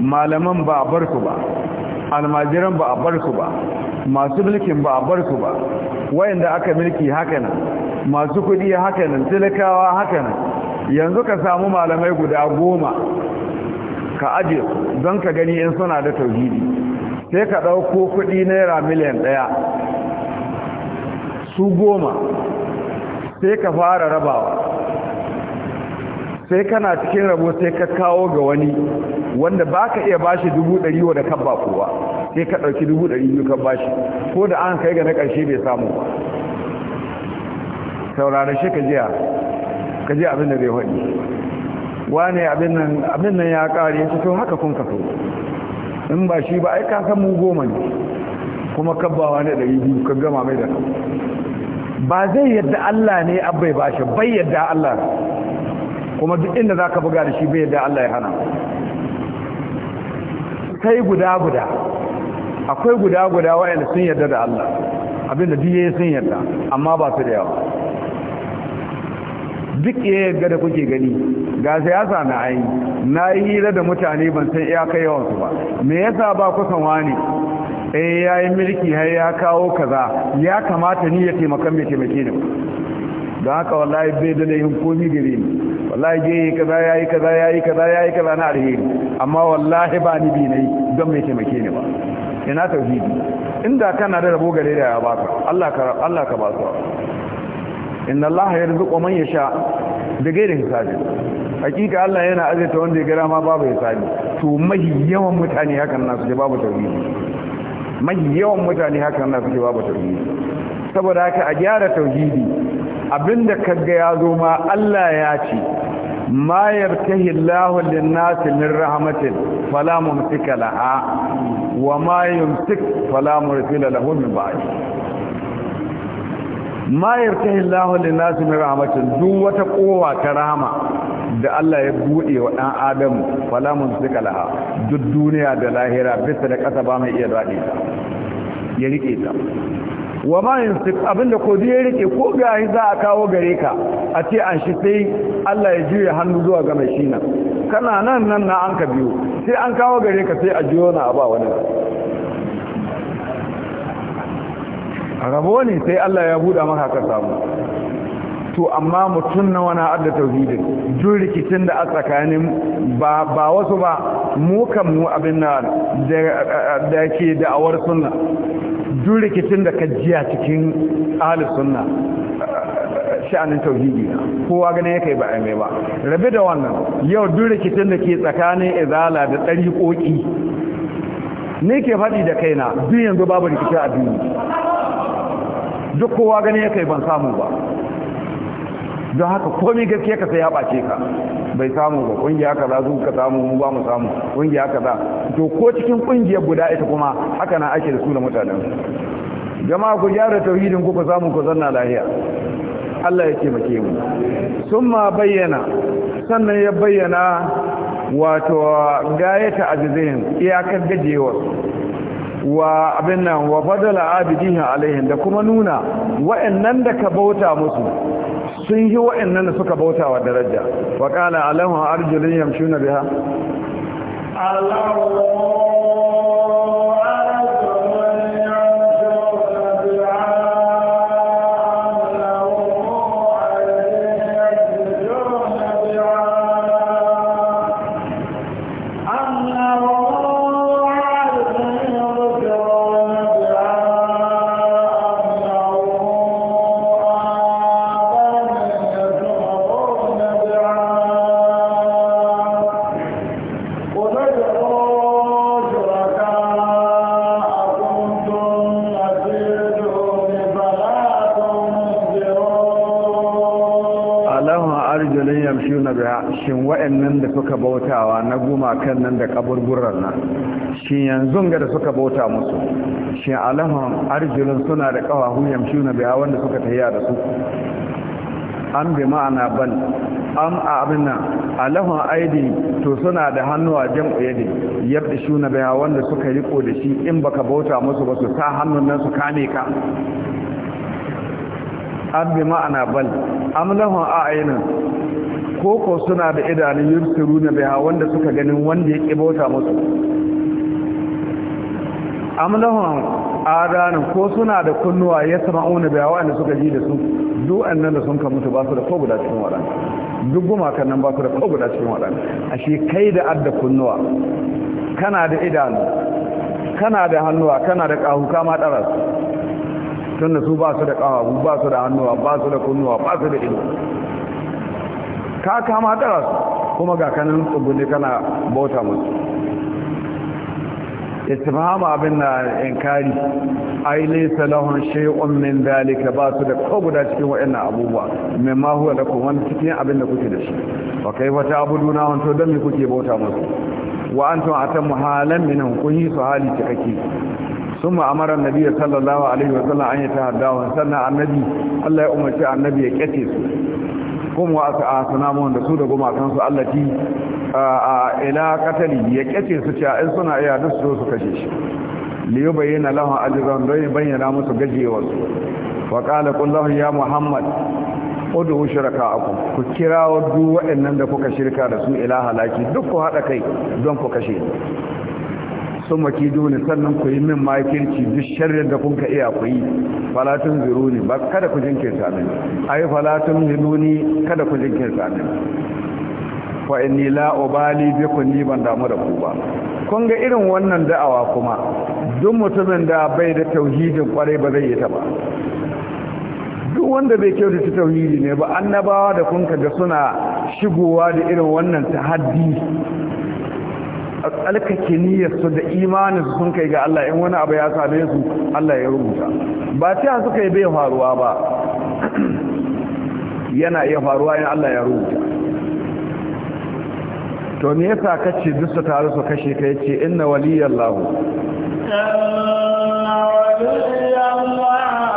malaman ba barku ba almajiran ba a bar su ba masu mulkin ba a bar su ba wayanda aka mulki haka nan masu kuɗi haka nan tilakawa haka nan yanzu ka samu malamai guda goma ka aje don ka gani in suna da tauhidi sai ka ɗauko kuɗi naira miliyan ɗaya su goma sai ka fara rabawa sai kana cikin rabo sai ka kawo ga wani wanda ba ka iya bashi dubu ɗari wa da kan ba kowa sai ka ɗauki dubu ɗari biyu kan bashi ko da an kai ga na ƙarshe bai samu ba saurara shi ka jiya ka ji abin da bai haɗi wane abin nan ya ƙare ya to haka kun kaso in ba shi ba ai ka san mu goma ne kuma kabbawa ne ɗari biyu ka gama mai da ba zai yadda Allah ne abai bashi bai yadda Allah kuma duk inda za ka buga da shi bai da Allah ya hana sai guda guda akwai guda guda wa'anda sun yarda da Allah abinda duk yayi sun yarda amma ba su da yawa duk yayi yarda da kuke gani ga siyasa na ayi na yi hira da mutane ban san iyaka kai yawansu ba me yasa ba kusan wani eh yayi mulki har ya kawo kaza ya kamata ni ya taimaka mai taimake ni don haka wallahi bai da laifin komi gare ni wallahi je yi kaza ya yi kaza ya yi kaza ya yi kaza na alheri amma wallahi ba ni bi na yi don mai taimake ni ba ina tauhidi inda kana da rabo gare da ya baka Allah ka Allah ka ba su inna Allah ya rizqu man yasha da gairi hisabi hakika Allah yana azaita wanda ya gara ma babu hisabi to mahi yawan mutane hakan nasu da babu tauhidi mahi yawan mutane hakan nasu da babu tauhidi saboda haka a gyara tauhidi abinda kaga ya zo ma Allah ya ce ma yartahi Allahu lin-nasi min rahmatin fala mumsika laha wa ma yumsik fala mursila lahu min ba'd ma yartahi Allahu lin-nasi min rahmatin duk wata kowa ta rahama da Allah ya bude wa dan Adam fala mumsika laha duk duniya da lahira bisa da kasa ba mai iya dade ya rike ta wa ma abinda ko ya rike ko yi za a kawo gare ka a ce an shi sai Allah ya juya hannu zuwa ga mai shina kana nan nan na an ka biyo sai an kawo gare ka sai a juyo na ba wani a rabo ne sai Allah ya buɗa maka ka samu to amma mutum na wani adda tauhidin jin rikicin da a tsakanin ba wasu ba mu kan mu abin da ke da'awar sunna duk rikicin da ka jiya cikin ahlus sunna sha'anin tauhidi kowa gane ya ba a mai ba rabe da wannan yau duk rikicin da ke tsakanin izala da tsari koki ne ke faɗi da kaina duk yanzu babu rikici a duniya duk kowa ya kai ban samu ba don haka komai gaskiya ka sai ya bace ka bai samu ba kungiya za su ka samu mu ba mu samu kungiya za. to ko cikin kungiyar guda ita kuma haka na ake da su da mutanen jama'a ku gyara tauhidin ku ku samu ku zanna lahiya Allah ya taimake mu summa bayyana sannan ya bayyana wato gayata azizihin iyakar gajewa wa abin nan wa fadala abidin alaihin da kuma nuna wa'annan da ka bauta musu sun yi waɗannan da suka bauta wa daraja wa qala alahu arjulun yamshuna biha Allahu shin wa'annan da suka bautawa na gumakan nan da kaburburan nan shin yanzu ga da suka bauta musu shin alahun arjulun suna da huyam shi na biya wanda suka tahiya da su an bi ma'ana bal am a abin nan alahun aidi to suna da hannuwa jam'u yadi yadda shi na biya wanda suka riko da shi in baka bauta musu ba su sa hannun nan su kame ka an bi ma'ana bal am lahun a'ainin koko suna da idanun yursiru na biya wanda suka ganin wanda ya kibota musu amlahun adanin ko suna da kunnuwa ya sama'una biya wanda suka ji da su du'an nan da sun ka mutu ba su da ko guda cikin waɗanda duk gumakan nan ba su da ko guda cikin waɗanda ashe kai da adda kunnuwa kana da idanu kana da hannuwa kana da ƙahu kama ɗara su tun da su ba su da ƙahu ba su da hannuwa ba su da kunnuwa ba su da ido ka kama tara su kuma ga kanin tsubuni kana bauta musu istifama abin na inkari ai laysa lahum shay'un min dalika ba su da ko guda cikin wa'ina abubuwa mimma huwa lakum wani cikin abin da kuke da shi kai wata abu duna wanto don mai kuke bauta musu wa a ta halan minhum kun yi su hali Sun sallallahu alaihi wasallam an yi ta haddawa, sannan annabi, Allah ya umarci annabi ya kyace su. hum wa mu da su da gumakan su a ila katali ya kace su cewa in suna iya duk su su kashe shi li yubayyana lahu ajran don ya bayyana musu gajewar su wa qala kullahu ya muhammad udu aku ku kirawo duk waɗannan da kuka shirka da su ila halaki duk ku haɗa kai don ku kashe sun maki duni sannan ku yi min makirci duk sharrin da kun ka iya ku falatun ziruni ba kada ku jinkirta min ai falatun ziruni kada ku jinkirta min fa inni la ubali kun ni ban damu da ku ba kun ga irin wannan da'awa kuma duk mutumin da bai da tauhidin kwarai ba zai yi ta ba duk wanda bai kyau ta tauhidi ne ba annabawa da kun ga suna shigowa da irin wannan tahaddi tsalkake niyyarsu da imanin su sun kai ga Allah in wani abu ya same su Allah ya rubuta ba ce su kai bai faruwa ba yana iya faruwa in Allah ya rubuta to me yasa kace duk su taru su kashe kai ce inna waliyallahu inna waliyallahu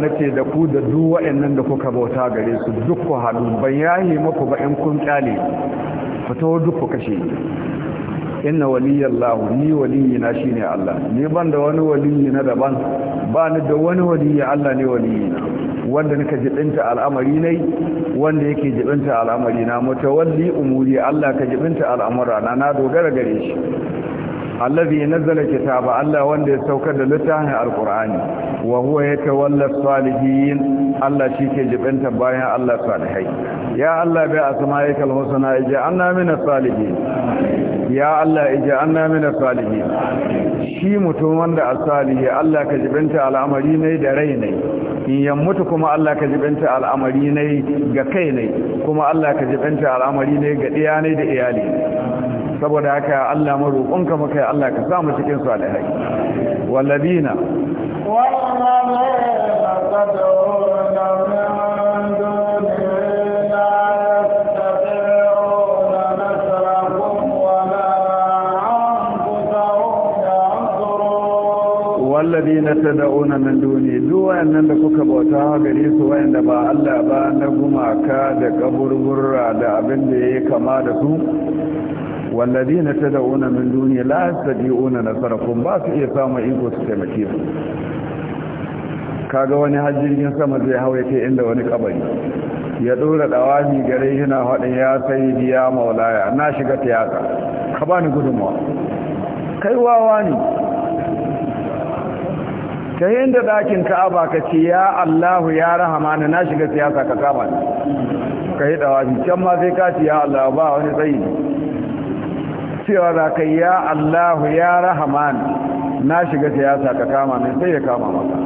nace da ku da duk waɗannan da kuka bauta gare su duk ku haɗu ban yahi muku ba in kun kyale fito duk ku kashe inna waliyallahu ni waliyina shine Allah ni ban da wani waliyi na daban ba ni da wani waliyi Allah ne waliyina wanda nika jibinta al'amari ne wanda yake jibinta al'amari na mutawalli umuri Allah ka jibinta al'amura na na dogara gare shi allazi nazzala kitaba Allah wanda ya saukar da littafin alqur'ani wa huwa yatawalla salihin Allah shike jibinta bayan Allah salihai ya Allah bi asma'ikal husna ij'alna min salihin ya Allah ij'alna min salihin shi mutum wanda asalihi Allah ka jibinta al'amari ne da rai ne in mutu kuma Allah ka jibinta al'amari ne ga kai ne kuma Allah ka jibinta al'amari ne ga diya ne da iyali saboda haka a Allah maroƙonka muka ya Allah ka samu cikin su walladina wallabi na ta min duni duk nan da kuka bauta gare su wayanda ba Allah ba na gumaka da kaburburra da abin da yayi kama da su na wallazina tad'una min duni la yastati'una nasarakum ba su iya samu iko su taimake ku kaga wani jirgin sama zai hawaye ta inda wani kabari ya dora dawami gare yana hadin ya sayyidi ya maulaya na shiga tiyaka ka ba ni gudunmawa kai wawa ne ta yadda dakin ka'aba ka ce ya Allahu ya rahama ni na shiga siyasa ka kama ni ka yi dawafi can ma sai ka ce ya Allah ba wani tsayi cewa za ka ya allahu ya rahaman na shiga siyasa ka kama min sai ya kama maka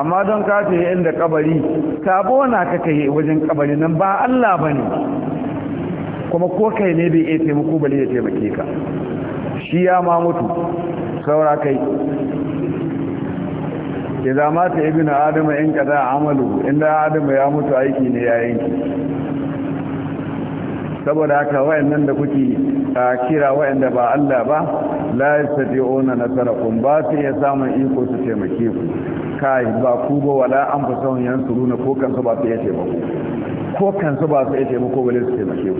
amma don ka ce inda kabari sabo na ka kai wajen kabari nan ba allah ba ne kuma ko kai ne bai iya taimako bali ya taimake ka shi ya ma mutu saura kai idan mata ibina adama in kada amalu inda adama ya mutu aiki ne ya yanki saboda haka wayannan da kuke kira wayanda ba Allah ba la yastati'una nasarakum ba su iya samun iko su taimake ku kai ba ku ba wala an fa su runa ko kansu ba su iya taimako ko kansu ba su iya taimako ba su taimake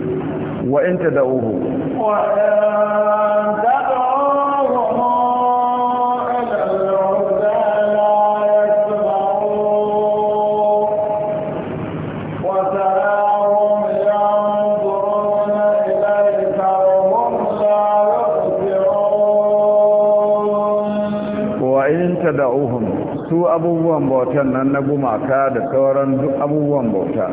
ku wa in tad'uhu wa abubuwan bautan nan na gumaka da sauran duk abubuwan bauta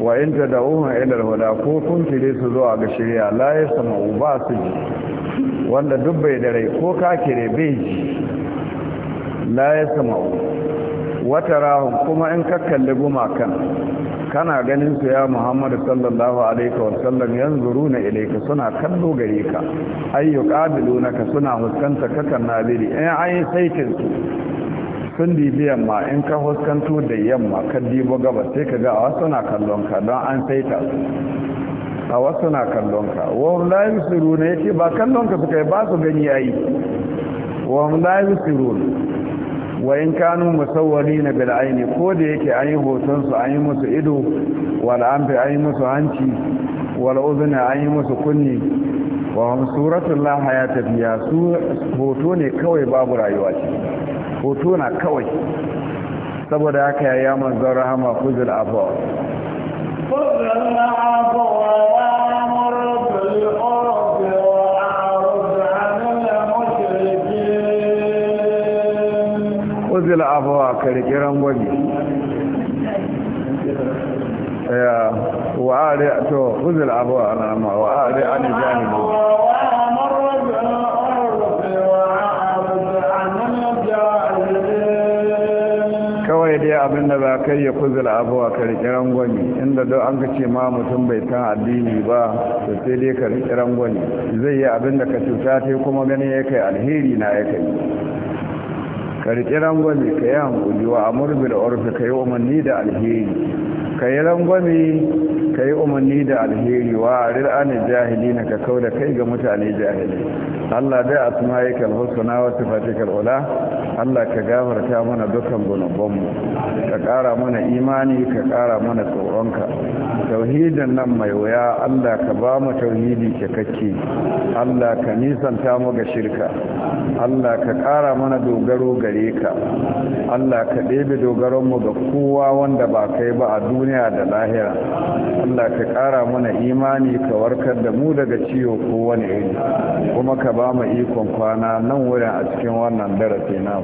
wa in ta da uhun ilar huda ko kun kire su zuwa ga shirya laye sama uba su ji wanda duk bai da rai ko ka kire bai ji laye sama wata rahun kuma in ka kalli gumakan kana ganin su ya muhammadu sallallahu alaihi wasallam yanzu runa ilaika suna kallo gare ka ayyu ka suna huskanta kakan nabiri in eh, ayi saitin su sun dibi yamma in ka huskanto da yamma ka dibo gaba sai ka ga a wasu na kallon ka don an saita a wasu na kallon ka wahum la yusiru ne ce ba kallon ka suka yi ba su gani yayi wahum la yusiru wa in kanu na bil aini ko da yake an yi hoton su an yi musu ido wal fi an yi musu hanci wal uzna an yi musu kunni wa hum suratul la hayata biya su hoto ne kawai babu rayuwa ce hoto na kawai saboda haka ya yi manzon rahama kuzul abuwa kuzul abuwa uzil abuwa karki rangwami ya wa'ari to uzil abuwa na ma wa'ari an janibu abin da za kai ya kuzula abuwa ka riƙi rangwani inda don an ka ce ma mutum bai kan addini ba to sai dai ka rangwani zai yi abin da ka cuta ta kuma ganin ya kai alheri na ya kai ka riƙi rangwani ka yi hankuli wa amurbi da orfi ka yi umarni da alheri ka yi rangwani ka yi umarni da alheri wa rir'anin jahili na ka kau da kai ga mutane jahili allah dai asma'ikal na wasu fatikar ula Allah ka gafarta mana dukan gunubanmu ka ƙara mana imani ka ƙara mana tsoronka tauhidin nan mai wuya Allah ka ba mu tauhidi cikakke Allah ka nisanta mu ga shirka Allah ka ƙara mana dogaro gare ka Allah ka ɗebe dogaronmu ga kowa wanda ba kai ba a duniya da lahira Allah ka ƙara mana imani ka warkar da mu daga ciwo kowane iri kuma ka ba mu ikon kwana nan wurin a cikin wannan darasi namu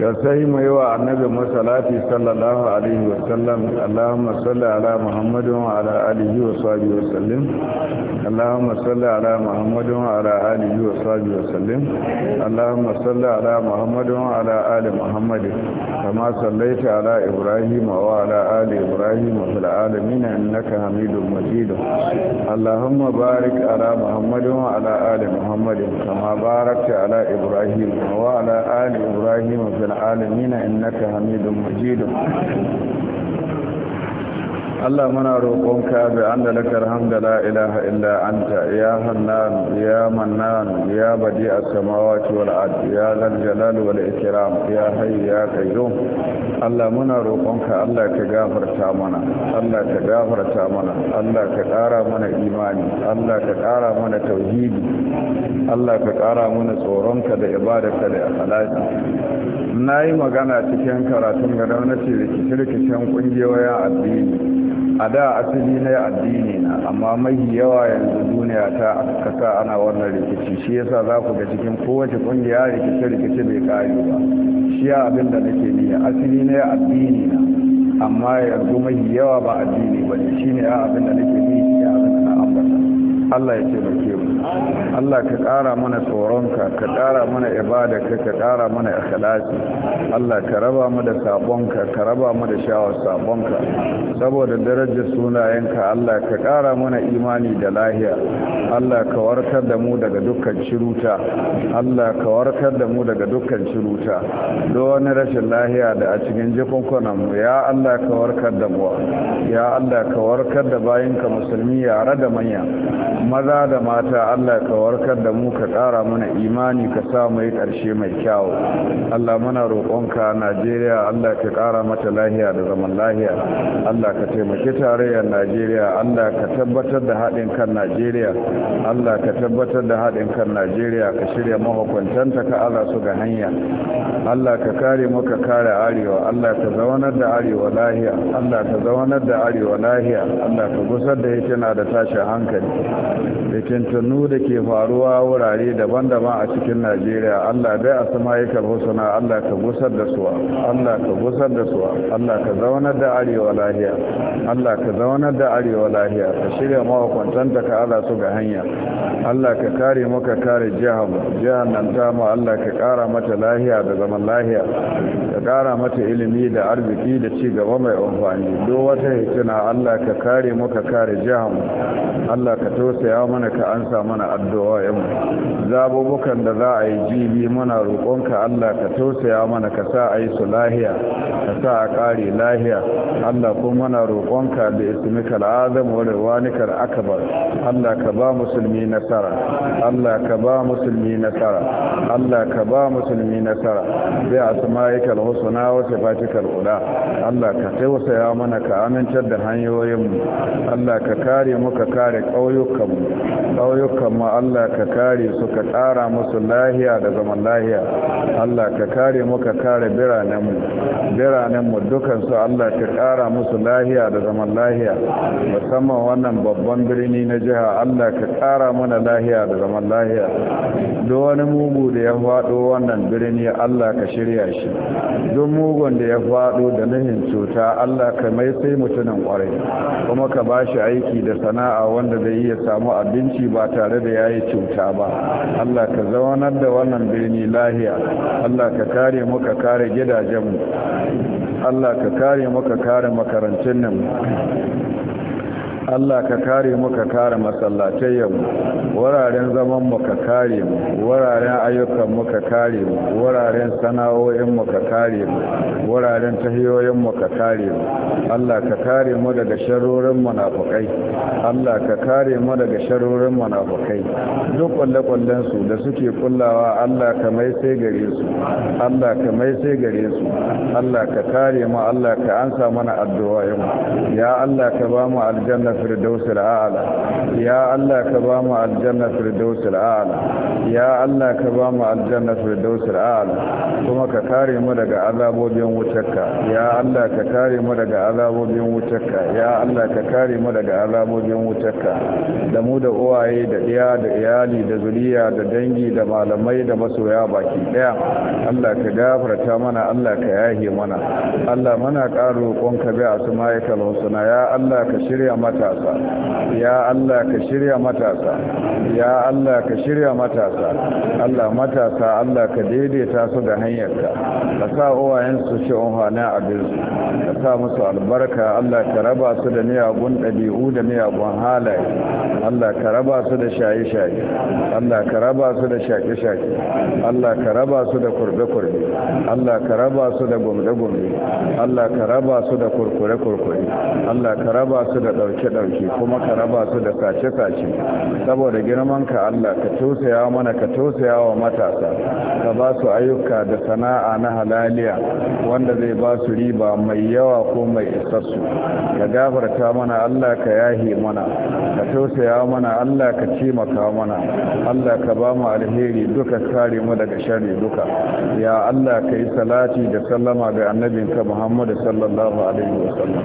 da sai mu yi wa annabi masalati sallallahu alaihi wa sallam allahumma salli ala muhammadin wa ala alihi wa sahbihi wa sallim allahumma salli ala muhammadin wa ala alihi wa sahbihi wa sallim allahumma salli ala muhammadin wa ala ali muhammadin kama sallaita ala ibrahim wa ala ali ibrahim fil alamin innaka hamidum majid allahumma barik ala muhammadin wa ala ali muhammadin kama barakta ala ibrahim wa ala ali ibrahim fil العالمين إنك حميد مجيد Allah muna roƙonka bi anna laka alhamdu la ilaha illa anta ya hannan ya mannan ya badi as-samawati wal ard ya zal jalal wal ikram ya hayy ya qayyum Allah muna roƙonka Allah ka gafarta mana Allah ka gafarta mana Allah ka ƙara mana imani Allah ka ƙara mana tauhidi Allah ka ƙara mana tsoronka da ibadarka da akhlaqi nayi magana cikin karatun ga cikin rikicin rikicen kungiyoyin addini a da asali na addini na amma mahi yawa yanzu duniya ta kasa ana wannan rikici shi yasa za ku ga cikin kowace kungiya rikice rikice bai kare ba shi ya abin da nake ni asali na addini na amma yanzu mai yawa ba addini ba ne shine abin da nake ni Allah ya taimake mu Allah ka ƙara mana tsoronka ka ƙara mana ibada ka ka ƙara mana ikhlasi Allah ka raba mu da sabonka ka raba mu da shawar sabonka saboda darajar sunayenka Allah ka ƙara mana imani da lahiya Allah ka warkar da mu daga dukkan shiruta Allah ka warkar da mu daga dukkan shiruta do wani rashin lahiya da a cikin jikunkunan mu ya Allah ka warkar da mu ya Allah ka warkar da bayinka musulmi yare da manya maza da mata Allah ka warkar da mu ka kara mana imani ka sa mai karshe mai kyawu Allah muna roƙonka Najeriya Allah ka ƙara mata lahiya da zaman lahiya Allah ka taimaki tarayyar Najeriya Allah ka tabbatar da haɗin kan Najeriya Allah ka tabbatar da haɗin kan Najeriya ka shirya mahukuntanta ka ala su ga hanya Allah ka kare maka kare arewa Allah ka zaunar da arewa lahiya Allah ka zaunar da arewa lahiya Allah ka gusar da yake tana da tashin hankali kintannu da ke faruwa wurare daban-daban a cikin najeriya allah dai a sama ya karbi suna allah ka gusar da suwa allah ka gusar da suwa allah ka zaunar da arewa lahiya allah ka zaunar da arewa lahiya ka shirya mawakwantanta ka ala su ga hanya allah ka kare muka kare jihar jihar nan tamu allah ka kara mata lahiya da zaman lahiya ka kara mata ilimi da arziki da ci gaba mai amfani duk wata hitina allah ka kare muka kare jihar allah ka tosa tausaya mana ka ansa mana addu'o'in zabubukan da za a yi jibi muna roƙonka Allah ka tausaya mana ka sa a yi su lahiya ka sa a ƙare lahiya Allah kuma muna roƙonka da ismikal azam wa rawanikal akbar Allah ka ba musulmi nasara Allah ka ba musulmi nasara Allah ka ba musulmi nasara bi asma'ikal husna wa sifatikal ula Allah ka tausaya mana ka amintar da hanyoyin mu Allah ka kare mu ka kare ƙauyuka ƙauyukanmu ma Allah ka kare su ka ƙara musu lahiya da zaman lahiya Allah ka kare mu ka kare biranenmu biranenmu dukansu Allah ka ƙara musu lahiya da zaman lahiya musamman wannan babban birni na jiha Allah ka ƙara mana lahiya da zaman lahiya duk wani mugu da ya faɗo wannan birni Allah ka shirya shi duk mugun da ya faɗo da nuhin cuta Allah ka mai sai mutumin ƙwarai kuma ka ba shi aiki da sana'a wanda zai iya samu abinci ba tare da yayi cuta ba Allah ka zaunar da wannan birni lahiya Allah ka kare mu ka kare gidajenmu Allah ka kare mu ka kare makarantun nan Allah ka kare mu ka kare masallatai yau. wuraren zaman mu ka kare mu wuraren ayyukan mu ka kare mu wuraren sana'o'in mu ka kare mu wuraren tahiyoyin mu ka kare mu Allah ka kare mu daga sharorin munafukai Allah ka kare mu daga sharorin munafukai duk kullakullan su da suke kullawa Allah ka mai sai gare su Allah ka mai sai gare su Allah ka kare mu Allah ka ansa mana addu'o'in ya Allah ka ba mu aljanna firdaus al'ala ya Allah ka ba mu aljanna firdaus al'ala ya Allah ka ba mu aljanna firdaus al'ala kuma ka kare mu daga azabobin wutarka ya Allah ka kare mu daga azabobin wutarka ya Allah ka kare mu daga azabobin wutarka da mu da uwaye da iya da iyali da zuriya da dangi da malamai da masoya baki daya Allah ka gafarta mana Allah ka yahe mana Allah mana ƙaro roƙon ka bi asma'ikal husna ya Allah ka shirya mata matasa ya Allah ka shirya matasa ya Allah ka shirya matasa Allah matasa Allah ka daidaita su da hanyarka ka sa uwayen su ci umhana abin su ka sa musu albarka Allah ka raba su da miyagun ɗabi'u da miyagun halaye Allah ka raba su da shaye-shaye Allah ka raba su da shaƙe-shaƙe Allah ka raba su da kurbe-kurbe Allah ka raba su da gumbe-gumbe Allah ka raba su da kurkure-kurkure Allah ka raba su da ɗauke ɗauki kuma ka raba su da sace-sace saboda girman ka Allah ka tosaya mana ka tosaya wa matasa ka ba su ayyuka da sana'a na halaliya wanda zai ba su riba mai yawa ko mai isassu ka gafarta mana Allah ka yahi mana ka tosaya mana Allah ka cimaka mana Allah ka ba mu alheri duka kare mu daga sharri duka ya Allah ka yi salati da sallama ga annabinka Muhammad sallallahu alaihi wasallam